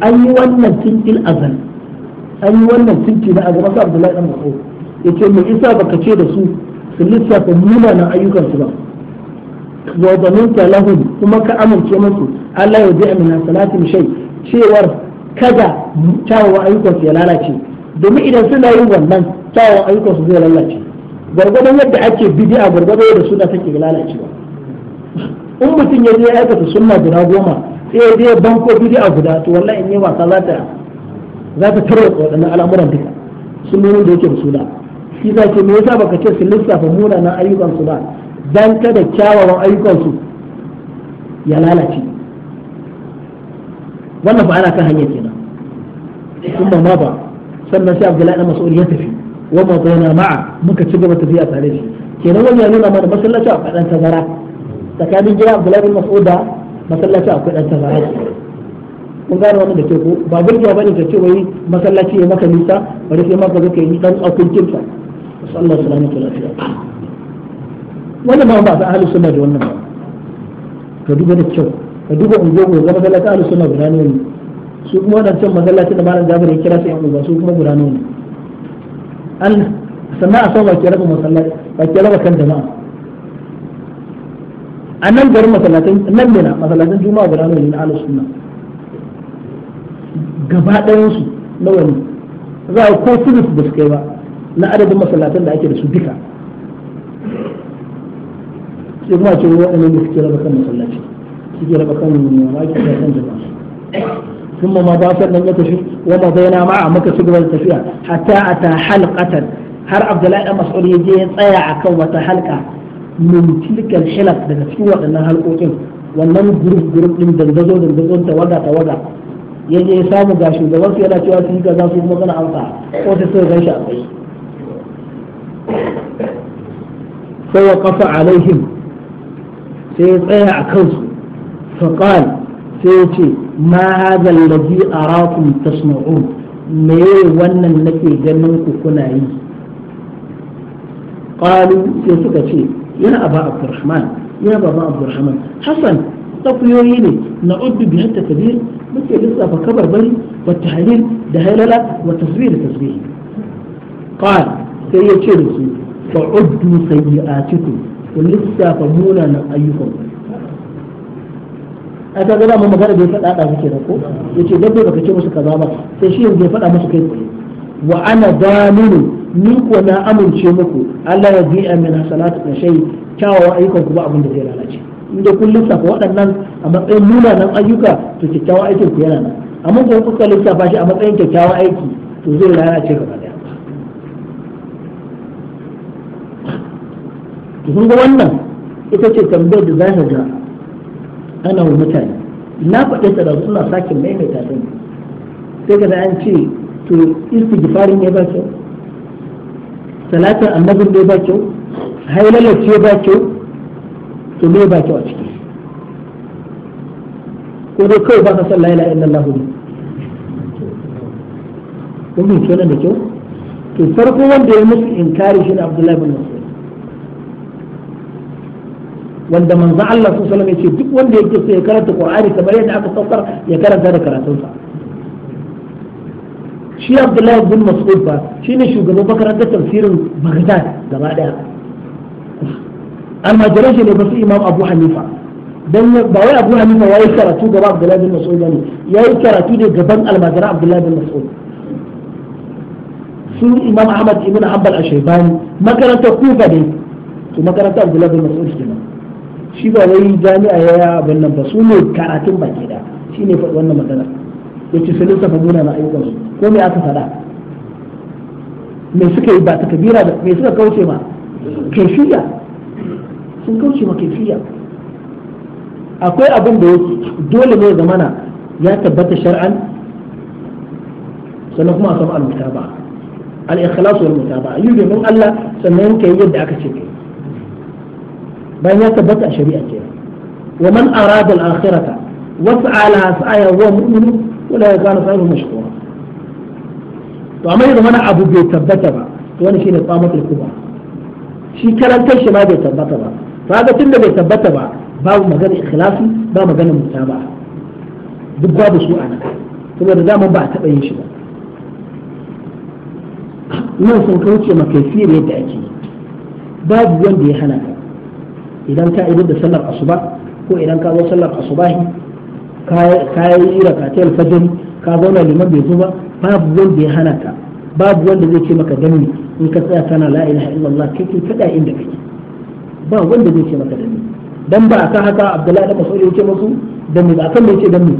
Speaker 1: an yi wannan tintil azal an yi wannan tinti na azal masu abdullahi dan mas'ud yace me isa baka ce da su su lissafa munanan ayyukan su ba wa zanunta lahum kuma ka amince musu Allah ya zai amina salatin shay cewar kada kyawawan ayyukan su ya lalace domin idan suna yin wannan kyawawan ayyukan su zai lalace gwargwadon yadda ake a gwargwadon yadda suna take lalacewa in mutum ya je ya aikata sunna guda goma sai ya je banko a guda to wallahi in yi wasa za ta za ta tarwata waɗannan al'amuran duka nuna da yake da da shi za ce me yasa baka ce su lissafa munanan ayyukan su ba dan kada kyawawan ayyukan su ya lalace wannan ba ana kan hanya kenan kuma ma ba sannan sai Abdullahi Mas'ud ya tafi wa ma bayyana ma'a muka ci gaba tafiya tare da shi kenan wannan ya nuna mana masallaci a faɗan tazara tsakanin gida Abdullahi bin Mas'ud da masallaci akwai dan tazara kun gane wannan da ke ko ba burgiya bane ka ce wai masallaci ya maka nisa bari sai maka zaka yi dan tsakuncin sa sallallahu alaihi wa sallam wannan ma ba ta ahli sunna da wannan ba ka duba da kyau ka duba ungogo ga masallaci ahli sunna guda ne su kuma wadancan masallaci da malam Jabir ya kira sai an uba su kuma guda ne an sannan a san ba ke raba masallaci ba ke raba kan jama'a a nan garin masallatan nan mina masallatan juma'a guda nawa ne na ahlus sunna gaba ɗayan su nawa ne za a ko sulus ba su kai ba na adadin masallatan da ake da su duka sai kuma ce waɗannan da suke raba kan masallaci suke raba kan ma ake da kan jama'a ثم ما باشر لم يتشف ومضينا معه مكة سجل التفيع حتى أتى حلقة هر عبد الله مسؤول يجي يطيع كم وتحلقة min tilkal hilaf daga cikin waɗannan halƙoƙin wannan gurup gurup din dandazo dandazon tawaga tawaga ya je samu ga shugaban su yana cewa su yi kaza su magana amsa ko sai sai gan shi a tsaye sai ya kafa alaihim sai ya tsaya a kansu faqal sai ya ce ma hadha allazi arakum tasma'un me wannan nake ganin ku kuna yi qalu sai suka ce yana aba abdurrahman ya baba abdurrahman hasan tafiyoyi ne na uddu bi hatta kabir muke lissafa kabarbari wa tahlil da halala wa tasbih da tasbih qal sai ya ce da su fa uddu sayyi'atikum ku lissafa munanan ayyukanku a ta gaba mun magana bai faɗa ɗazu ke ko ya ce dabbe baka ce musu kaza ba sai shi yanzu ya faɗa musu kai tsaye wa ana daminu ni ko na amince muku Allah ya amin a hasanatu na shay kyawawan ayyukan ku ba abin da zai lalace in da kun lissafa waɗannan a matsayin munanan ayyuka to kyakkyawan aikin ku yana nan amma ko kuka lissafa shi a matsayin kyakkyawan aiki to zai lalace gaba daya to kun ga wannan ita ce tambayar da za ga ana wa mutane na faɗe ta da suna sake maimaita ta ne sai ga an ce to istighfarin ya ba kyau salatin annabin ne ba kyau hailalar ce ba kyau to me ba kyau a ciki ko dai kawai ba ka san la ilaha illallah ne ko bin kyau da kyau to farko wanda ya musu inkari shi ne abdullahi bin mas'ud wanda manzo Allah sallallahu alaihi wasallam ya ce duk wanda yake so ya karanta qur'ani kamar yadda aka saukar ya karanta da karatunsa shi abdullahi bin mas'ud ba shine shugaban makarantar tafsirin baghdad gaba daya almajiran shi ne ba su imam abu hanifa don ba wai abu hanifa ya yi karatu gaba abdullahi bin mas'ud ne ya yi karatu ne gaban almajiran abdullahi bin mas'ud su imam ahmad ibn hanbal ashaibani makarantar kufa ne to makarantar abdullahi bin mas'ud kenan shi ba wai jami'a ya abin nan ba su ne karatun baki da shi ne faɗi wannan maganar yace su lissafa na ayyukan su ko me aka faɗa me suka yi ba ta kabira da me suka kauce ma kaifiya sun kauce ma kaifiya akwai abin da dole ne zamana ya tabbata shar'an sannan kuma a samu al-mutaba al-ikhlas wal mutaba da mun Allah sannan kai yadda aka ce kai bayan ya tabbata a shari'a kenan wa man arada al-akhirata was'a ala sa'aya wa mu'minun ولا يزال صاحبه مشكورا وما يضمن أبو بيتبتبا وانا شيء نطامة الكبرى shi karan kai shi ma bai tabbata ba kaga tun da bai tabbata ba babu magana ikhlasi ba magana mutaba duk babu su ana saboda zaman ba a taba yin shi ba nan sun kauce ma kaifiyar yadda ake yi babu wanda ya hana ka idan ka idar da sallar asuba ko idan ka zo sallar asubahi ka yi rakatul fajr ka zauna liman bai zo ba babu wanda ya hana ka babu wanda zai ce maka danni in ka tsaya kana la ilaha illallah kai kai kada inda kake ba wanda zai ce maka danni dan ba ka haka Abdullahi da masu yake musu da ba akan me yake danni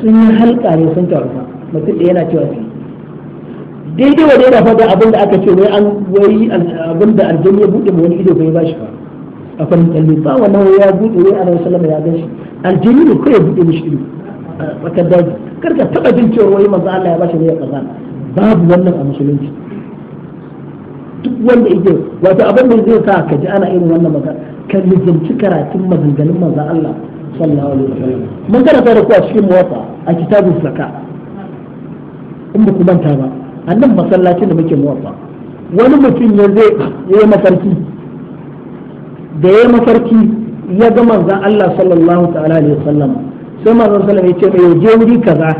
Speaker 1: sun yi halka ne sun taru mutum da yana cewa sai daidai wa daidai fa da abin da aka ce wai an wai abin da aljanna ya bude wani ido bai ba shi ba a farin kalli ba wannan ya buɗe ne annabi sallama ya gan shi aljini ne ko ya buɗe mishi ido a tsakar daji karka taɓa jin cewa wani manzo Allah ya bashi ne ya kaza babu wannan a musulunci duk wanda yake wato abin da zai sa ka ji ana irin wannan magana ka lizanci karatun maganganun manzo Allah sallallahu alaihi wasallam mun karanta da ku a cikin muwatta a kitabun zakka in ba ku manta ba annan masallacin da muke muwatta wani mutum ne zai yi mafarki da ya mafarki ya ga manzan Allah sallallahu ta'ala alaihi wasallam sai manzan sallam ya ce mai je wuri kaza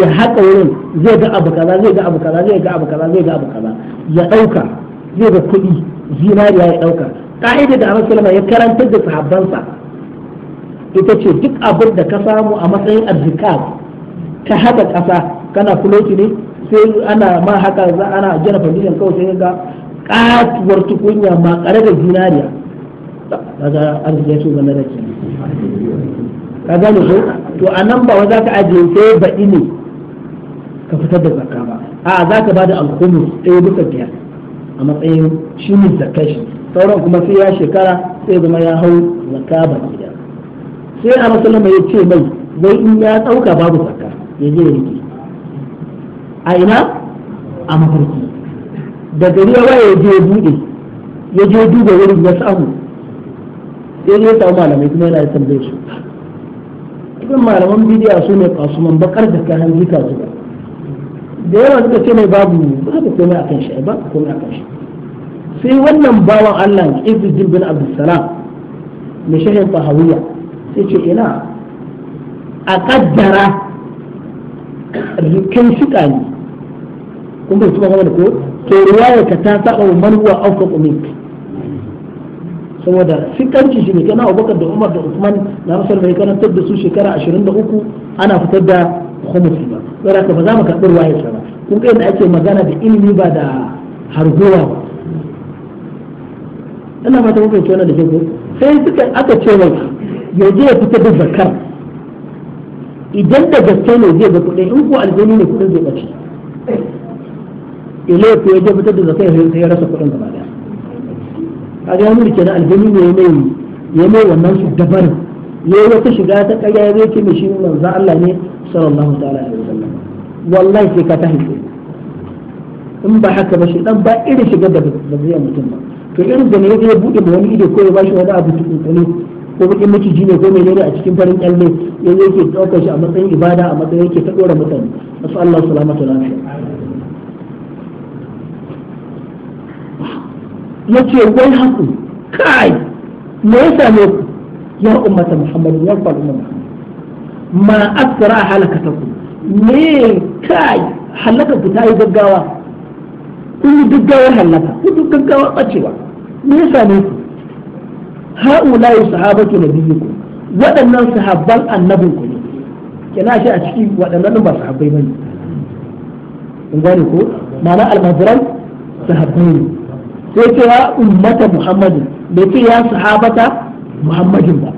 Speaker 1: ya haka wurin zai ga abu kaza zai ga abu kaza zai ga abu kaza zai ga abu kaza ya dauka zai ga kuɗi zinariya ya dauka ka'ida da Annabi sallallahu ya karantar da sahabbansa ita ce duk abin da ka samu a matsayin arzikar ka haka ƙasa kana kuloti ne sai ana ma haka za ana jana fadilin kawai sai ga katuwar tukunya ma kare da zinariya kaga arzikin su game da kenan ka gane so to a nan ba za ka ajiye sai baɗi ne ka fitar da zakka ba a za ka ba da alhumus ɗaya duka biyar a matsayin shi ne zakka shi sauran kuma sai ya shekara sai zama ya hau zakka ba gida sai a masalama ya ce mai wai in ya ɗauka babu zakka ya je ya rike a ina a mafarki da gari ya waye ya je buɗe ya je duba wurin ya samu zai ya samu malamai kuma yana tambaye su idan malaman bidiya su ne man bakar da kayan jika zuba da yawa suka ce mai babu ba ka komai kan shi ba komai kan shi sai wannan bawan Allah Izzuddin bin Salam mai shahin fahawiya sai ce ina a kaddara rikin shiƙa ne kun bai tuba da ko to riwaya ka ta saba man huwa awfaqu saboda fikanci shi ne kana abubakar da umar da usman na rasar mai karantar da su shekara 23 ana fitar da khumusi ba don ka ba za mu karɓi ruwa ba kun ga yadda ake magana da ilimi ba da hargowa ba ina fata muka yi wani da ke sai suka aka ce ya je ya fitar da zakar idan da gaske ne zai ga kuɗin in ko aljini ne kuɗin zai ɓace ile ko ya je fitar da zakar sai ya rasa kuɗin gaba daya a ga mulki kenan aljini ne ya mai ya mai wannan su dabar ya yi wata shiga ta ƙarya ya zai ce mai shi manzo Allah ne sallallahu ta'ala alaihi wasallam wallahi sai ka tahi in ba haka ba shi dan ba irin shiga da ba zai mutum ba to irin da ne ya zai bude ma wani ido ko ya bashi wani abu tukunkuni ko bakin maciji ne ko menene a cikin farin kyalle ya yake daukar shi a matsayin ibada a matsayin yake ta dora mutane nasu Allah salamatu lafiya ya ce wai haku kai me ya same ku ya ummata muhammadu ya kwa Muhammadu. ma asra halakata ku me kai halaka ku ta yi gaggawa kun yi gaggawa halaka kun yi gaggawa bacewa me ya same ku ha'ula yi sahabatu na biyu ku waɗannan sahabban annabin ku ne kina shi a ciki waɗannan ba sahabbai ba ne in ko ma'ana almajiran sahabbai ne sai ce ya ummata muhammadin bai ce ya sahabata muhammadin ba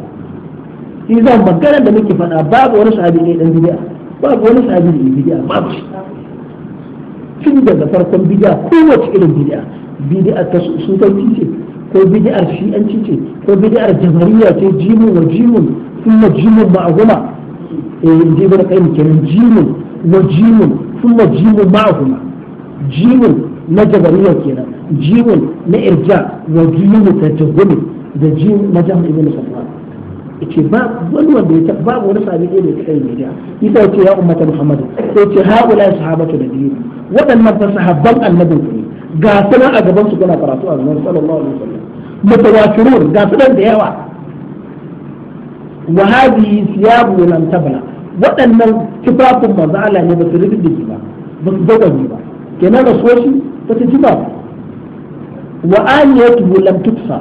Speaker 1: shi zan magana da muke faɗa babu wani sahabi ne dan bid'a babu wani sahabi ne bid'a babu tun daga farkon bid'a kowace irin bid'a bid'a ta sutanci ce ko bid'ar shi'anci ce ko bid'ar jamariya ce jimun wa jimun kuma jimun ma'ahuma eh inji bar kai kenan jimun wa jimun kuma jimun ma'ahuma jimun na jabariya kenan جيون لإرجاء وجيون تجهمي ذا جيون نجاح ابن صفوان إتي باب ولو أن بيتك باب ونسعى بإيه لكي نجاح إذا أتي يا أمة محمد إتي هؤلاء صحابة نبيه ودن من تصحب بل النبي فيه قاتلا أجبان سبنا قراتوا أبنى صلى الله عليه وسلم متواترون قاتلا ديهوا وهذه سياب لم تبلغ ودن كتاب ما زعل أن يبصر في الدجيبة بس دوا الدجيبة wa aniyatuhu lam tutfa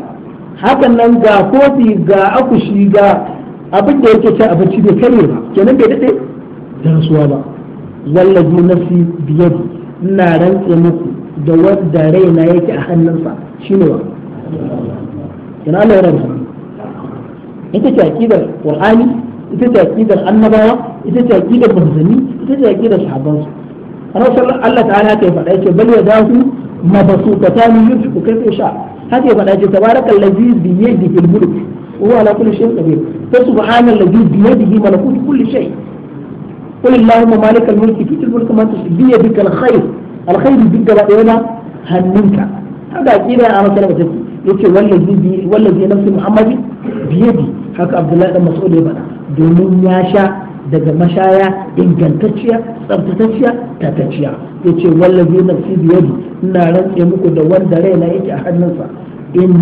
Speaker 1: hakan nan ga kofi ga akushi ga abin da yake ci abinci bai kare ba kenan bai dade da rasuwa ba wallazi nafsi biyadi ina rantse muku da wanda raina yake a hannunsa shine wa kenan Allah ya rantsa ita ce aqidar qur'ani ita ce aqidar annabawa ita ce aqidar manzanni ita ce aqidar sahabbansu rasul Allah ta'ala ta faɗa yace bal yadahu mabsutatan yunfiqu kayfa yasha haka ya faɗa ce tabarakal ladzi bi yadihi al-mulk wa huwa ala kulli shay'in qadir fa subhanal ladzi bi yadihi malakutu kulli shay qul allahumma malikal mulki tu'til mulka man tasha'u bi yadika al-khayr al-khayr bi gaba ɗaya hannunka haka kira a masalar take yace wallazi bi wallazi nafsi muhammadin bi da haka abdullahi domin ya sha daga mashaya ingantacciya tsaftatacciya tatacciya yace wallazi nafsi biyadi ina rantse muku da wanda raina yake a hannunsa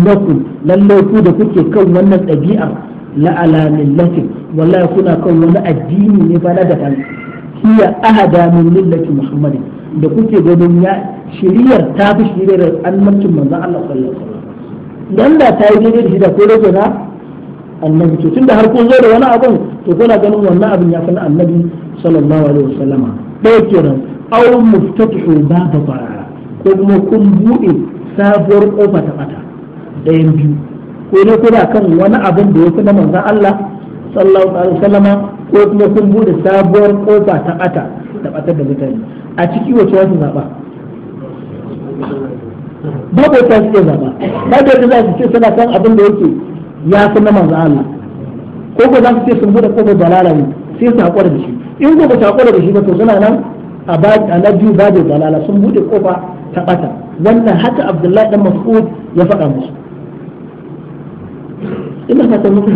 Speaker 1: naku lallai ku da kuke kan wannan ɗabi'a la'ala millatin wallahi kuna kan wani addini ne ba na daban hiya ahada min millati muhammadin da kuke ganin ya shiriyar ta fi shiriyar annabcin manzon Allah sallallahu alaihi wasallam dan da ta yi daidai da shi da ko na annabi to tunda har kun zo da wani abun to kuna ganin wannan abin ya fi annabi sallallahu alaihi wasallama ɗaya kenan aw muftatihu baba barara ko kuma kun bude sabuwar kofa ta bata ɗayan biyu ko ne kuna kan wani abin da ya fi na Allah sallallahu alaihi wasallama ko kuma kun bude sabuwar kofa ta bata da bata da mutane a ciki wace wasu zaɓa
Speaker 2: babu wata suke zaɓa babu wata
Speaker 1: za ce suna kan abin da yake ya san na manzo Allah ko ko za su ce sun bude kofar dalala ne sai su haƙura da shi in ko ba su haƙura da shi ba to suna nan a na biyu ba da dalala sun bude kofa ta ɓata wannan haka Abdullahi dan Mas'ud ya faɗa musu ina fata mafi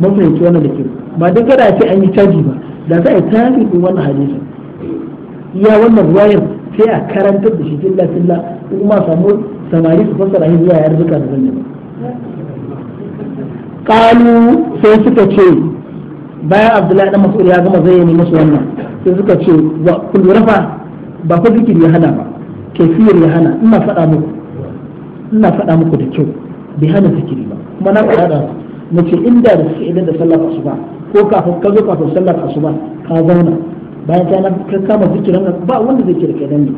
Speaker 1: mafahimci wannan da ke ba duk kada ce an yi caji ba da za a yi tafi ɗin wannan hadisi iya wannan ruwayar sai a karantar da shi jilla jilla kuma samu samari su fassara shi zuwa yarzuka da zan qalu sai suka ce bayan abdullahi dan mas'ud ya gama yi musu wannan sai suka ce wa kulurafa ba ku zikiri ya hana ba kaifiyar ya hana ina faɗa muku da kyau bai hana zikiri ba kuma na faɗa da na ce inda da suke idan da sallar asuba ko kafin ka zo kafin sallar asuba ka zauna bayan ta na ka kama zikirin ba wanda zai kira kai ne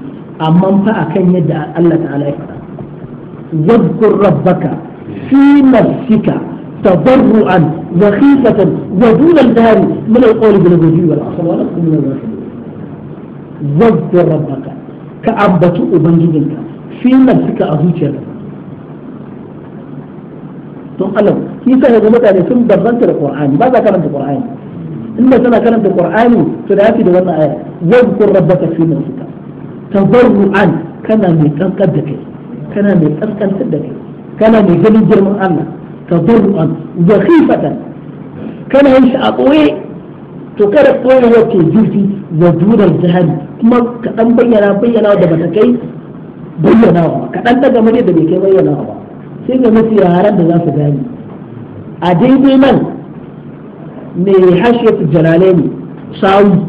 Speaker 1: amma fa akan yadda Allah ta'ala ya faɗa wadkur rabbaka fi nafsika تضرعا وخيفة ودون الآن من القول بن بالوجه والعصر ولك من الواحد وذكر ربك كأبة أبنجدك في من فيك أزوجك تقلم كيف هذا مثلا يسمى برنت القرآن ماذا كان في القرآن إن سنة كان في القرآن فلأكد وانا آية وذكر ربك في من فيك تبرؤا كان من تنقدك كان من تنقدك كان من جميل جرم الله tabarru'an wa khifatan kana yin shi a ɓoye to kada ɓoye wake jirgi wa duran jihari kuma kaɗan bayyana bayyana da bata kai bayyana kaɗan daga murya da bai kai bayyana ba sai ga mafi yaran da za su gani a daidai nan mai hashiyatu jalalaini sawi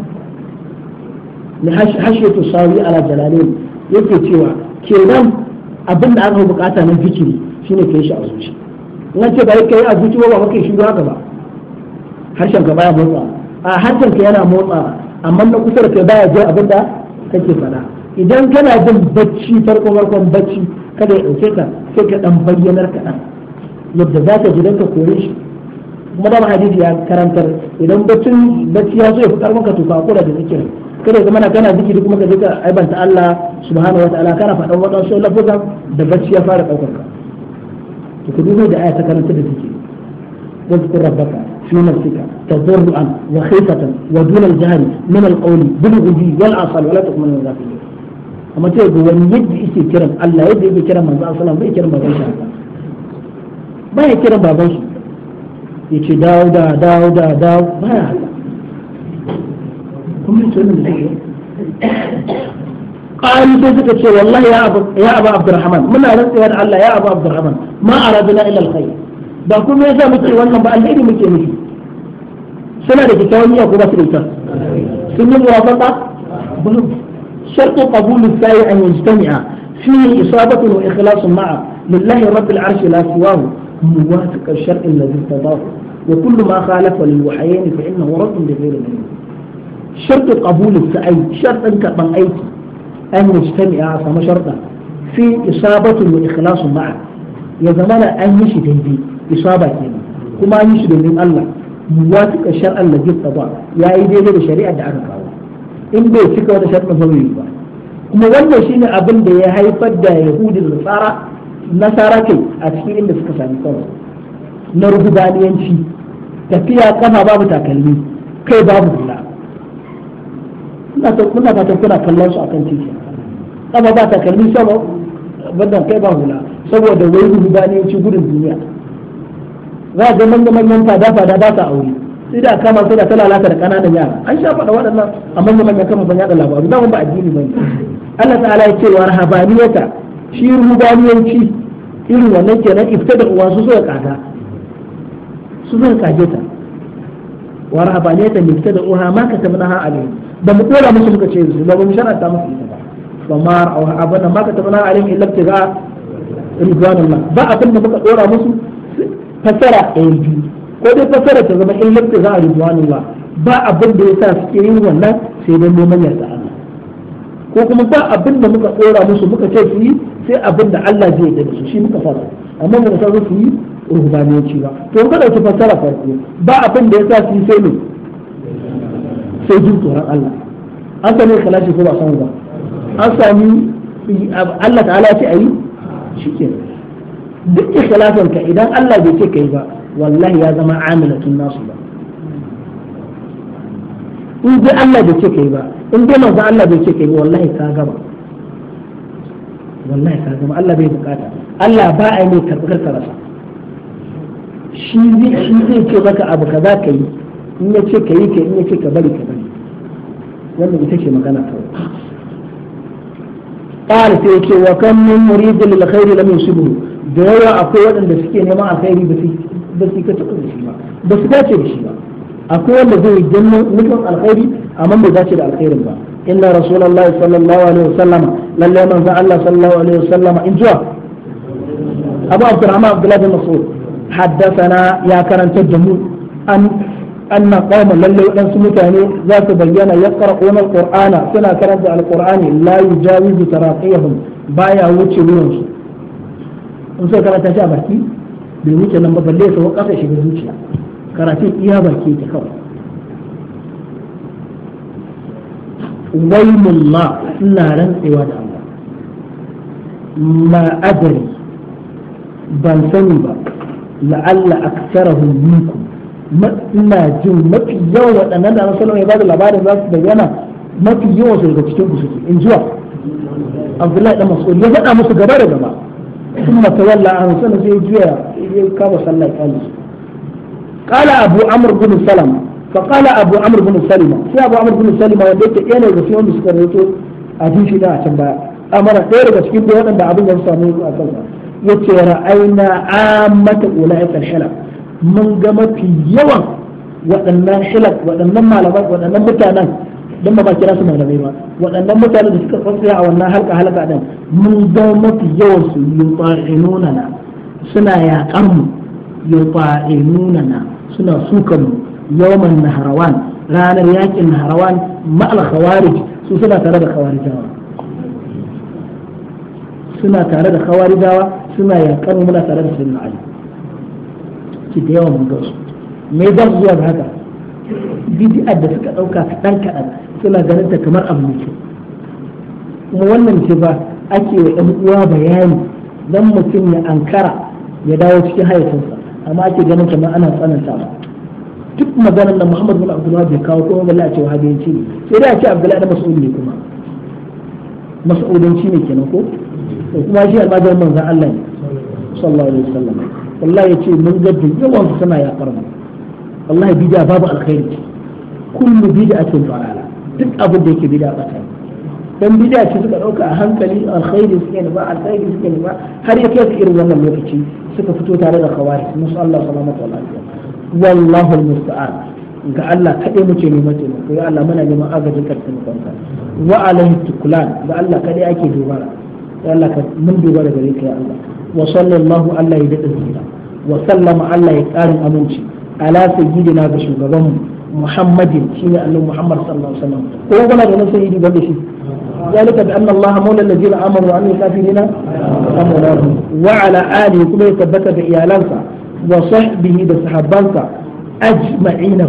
Speaker 1: mai hashiyatu sawi ala yake cewa kenan abin da aka bukata na zikiri shine kai shi a zuci nan ce ba kai a zuci ba ba kai shigo haka ba harshen ka baya motsa a harshen ka yana motsa amma na kusa da kai baya jin abin da kake fada idan kana jin bacci farko farkon bacci kada ya dauke ka sai ka dan bayyanar ka dan yadda za ka jidan ka kore shi kuma da hadisi ya karantar idan baccin bacci ya zo ya fitar maka to ka kula da zikirin kada ya na kana zikiri kuma ka je ka aibanta Allah subhanahu wa kana faɗan wadansu lafuzan da bacci ya fara daukar ka تقول وما دعاية كانت تبتكي واذكر ربك في نفسك تضرعا وخيفة ودون الجهل من القول بالغدي والعصر ولا تؤمن الغافلين أما تقول وان يدي إسي كرم ألا يدي إسي كرم الله صلى الله عليه وسلم ما يكرم ما يكرم بابنش يتي داو دا داو دا داو ما يعلم كم يتعلم الأيام قالوا سيدك والله يا أبا, يا أبا عبد الرحمن من أردت يا الله يا أبا عبد الرحمن ما أرادنا إلا الخير بقول يا سامي والله بألهي من كلمه suna da kyakkyawan niyya بس ba su da ita شرط قبول الثاني أن يجتمع فيه إصابة وإخلاص معه لله رب العرش لا سواه موافق الشرع الذي ارتضاه وكل ما خالف للوحيين فإنه رد بغير منه شرط قبول السعي شرط أنك من أيتي an yajtami'a a samu sharɗa fi isabatu wa ikhlasu ma'a ya zama da an yi shi daidai isaba kenan kuma an yi shi domin Allah muwafiqa shar'an la jitta ba yayi daidai da shari'ar da aka kawo in bai cika wata sharɗin ba bai ba kuma wannan shine abin da ya haifar da yahudi da tsara nasara ce a cikin inda suka sami kawai na rububaniyanci tafiya kafa babu takalmi kai babu hula muna kallon su a kan titi dama ba takalmi sama wannan kai ba hula saboda wai ci gudun duniya za ga manya manyan fada fada ba ta aure sai da kama sai da ta lalata da kananan yara an sha faɗa waɗannan a manya manyan kama ban yada labaru dama ba addini ba ne Allah ta'ala ya ce wa rahabaniyata shi rubaniyanci irin wannan kenan ifta da uwa su suka kada su suka kajeta ta wa rahabaniyata ifta da uha ma katabnaha alayhi ba mu kora musu muka ce su ba mu shar'anta musu ita ba nan aw abana ma katabna alaihim illa ibtigha Allah ba abin da muka ɗora musu fasara a yanzu ko dai fasara ta zama illa ibtigha Allah ba abin da yasa suke yin wannan sai dai neman yarda Allah ko kuma ba abin da muka ɗora musu muka ce su yi sai abin da Allah zai yarda da su shi muka fara amma muka sa su yi ruhbaniyanci ba to ka dauki fasara farko ba abin da yasa su yi sai ne sai jin tsoron Allah an sani kalashi ko ba san ba an sami Allah ta'ala ce a yi shi ke duk ka idan Allah bai ce kai ba wallahi ya zama amilatun nasu ba in dai Allah bai ce kai ba in dai manzo Allah bai ce kai ba wallahi ka gaba wallahi ka gaba Allah bai bukata Allah ba a mai karɓar ka rasa
Speaker 2: shi zai shi zai ce
Speaker 1: maka abu kaza ka yi in ya ce ka yi in ya ce ka bari ka bari wannan ita ce magana kawai قال ya وكم من مريد للخير لم يصبه دوره اكو ودن da suke neman alkhairi ba su ba su ka ba ba su dace zai danna nufin alkhairi amma bai dace da alkhairin ba inna rasulullahi sallallahu alaihi wasallama lalle man za Allah sallallahu alaihi wasallama in zuwa abu abdurrahman abdullahi bin mas'ud حدثنا يا كرنت الدمو أن أن قوم لله أن سمتاني ذات بيانا يقرؤون القرآن سنة كرد القرآن لا يجاوز تراقيهم بايا وچي منهم unsa karanta ta baki bai wuce nan ba balle sau kasa shiga zuciya karatun iya baki ta kawai waimun ma ina ran da Allah ma ban sani ba la'alla aksarahu minkum ina jin mafi yawan waɗannan da na salama ya bada labarin za bayyana mafi yawan su daga cikin su suke in jiwa abdullahi dan mas'ul ya faɗa musu gaba da gaba sun mata a hannun sai jiya ya kama sallah kala abu amur bin salam kala abu amur bin salima sai abu amur bin salima wanda yake ɗaya ne da sai wanda suka rato a jinshi da a can baya amara ɗaya daga cikin waɗanda abin ya samu a kansa yace ra'aina amata ulaika al-hilal mun ga mafi yawan waɗannan hilak waɗannan malaman waɗannan mutanen don ba kira su malamai ba waɗannan mutanen da suka fassara a wannan halka halka ɗin mun ga mafi yawan su yuqa'inuna na suna yaƙar mu yuqa'inuna na suna sukan mu yawman naharawan ranar yakin naharawan ma'al khawarij su suna tare da khawarijawa suna tare da khawarijawa suna yaƙar mu muna tare da sayyidina ali suke da yawan mun gansu me ba zuwa ga haka bid'ar da suka dauka kaɗan kaɗan suna ganin ta kamar abu ne kuma wannan ce ba ake wa ɗan uwa bayani dan mutum ya ankara ya dawo cikin hayyacinsa amma ake ganin kamar ana tsananta ba duk maganar da Muhammad bin Abdullah bai kawo kuma balla a ce wahabiyanci ne sai dai a ce Abdullah da Mas'ud ne kuma mas'udanci ne kenan ko kuma shi almajirin manzon Allah ne sallallahu alaihi wasallam wallahi yace mun ga da yawan su suna yakar mu wallahi bid'a babu alkhairi kullu bid'atin dalala duk abin da yake bid'a bata dan bid'a ce suka ɗauka a hankali alkhairi suke ne ba alkhairi suke ne ba har ya kai su irin wannan lokaci suka fito tare da khawarij musu Allah salamatu wa lafiya wallahu almusta'an ga Allah kaɗai muke neman taimako ya Allah muna neman agajin karfin kanka wa alaihi tukulan ga Allah kaɗai ake dubara ya Allah mun dogara gare ka ya Allah wa sallallahu Allah ya daɗa zira wa sallama Allah ya ƙarin aminci ala sayyidina ga shugabanmu muhammadin shine annabi muhammad sallallahu alaihi wasallam ko da sayyidi ban da shi ذلك بأن الله مولى الذين آمنوا وعملوا الكافرين أمرهم وعلى آله كما يثبت بإيالانسا وصحبه بصحابانسا أجمعين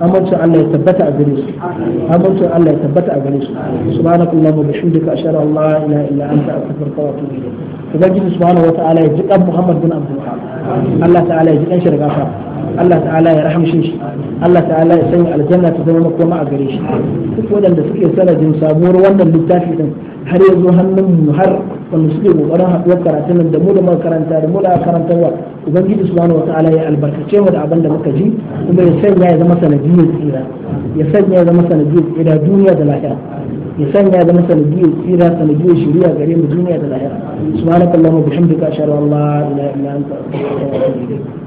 Speaker 1: amincin Allah ya tabbata a gare su amincin Allah ya tabbata a gare su subhanakallah wa bihamdika ashhadu an la ilaha illa anta astaghfiruka wa atubu ilayk ubangiji subhanahu wa ta'ala ya ji Muhammad bin Abdul Wahhab Allah ta'ala ya da gafa Allah ta'ala ya rahamshe shi Allah ta'ala ya sanya aljanna ta zama makoma a gare shi duk waɗanda suke sanadin sabuwar wannan littafi din har yanzu hannun mu har wanda suke kokarin haɗuwar karatun nan da mu da makaranta da mu da karantarwa ubangiji subhanahu wataala ya albarkace mu da abin da muka ji kuma ya sanya ya zama sanadiyar tsira ya sanya ya zama sanadiyar tsira duniya da lahira ya sanya ya zama sanadiyar tsira sanadiyar shari'a gare mu duniya da lahira subhanakallahumma bihamdika ashhadu an la ilaha illa anta astaghfiruka wa atubu ilayk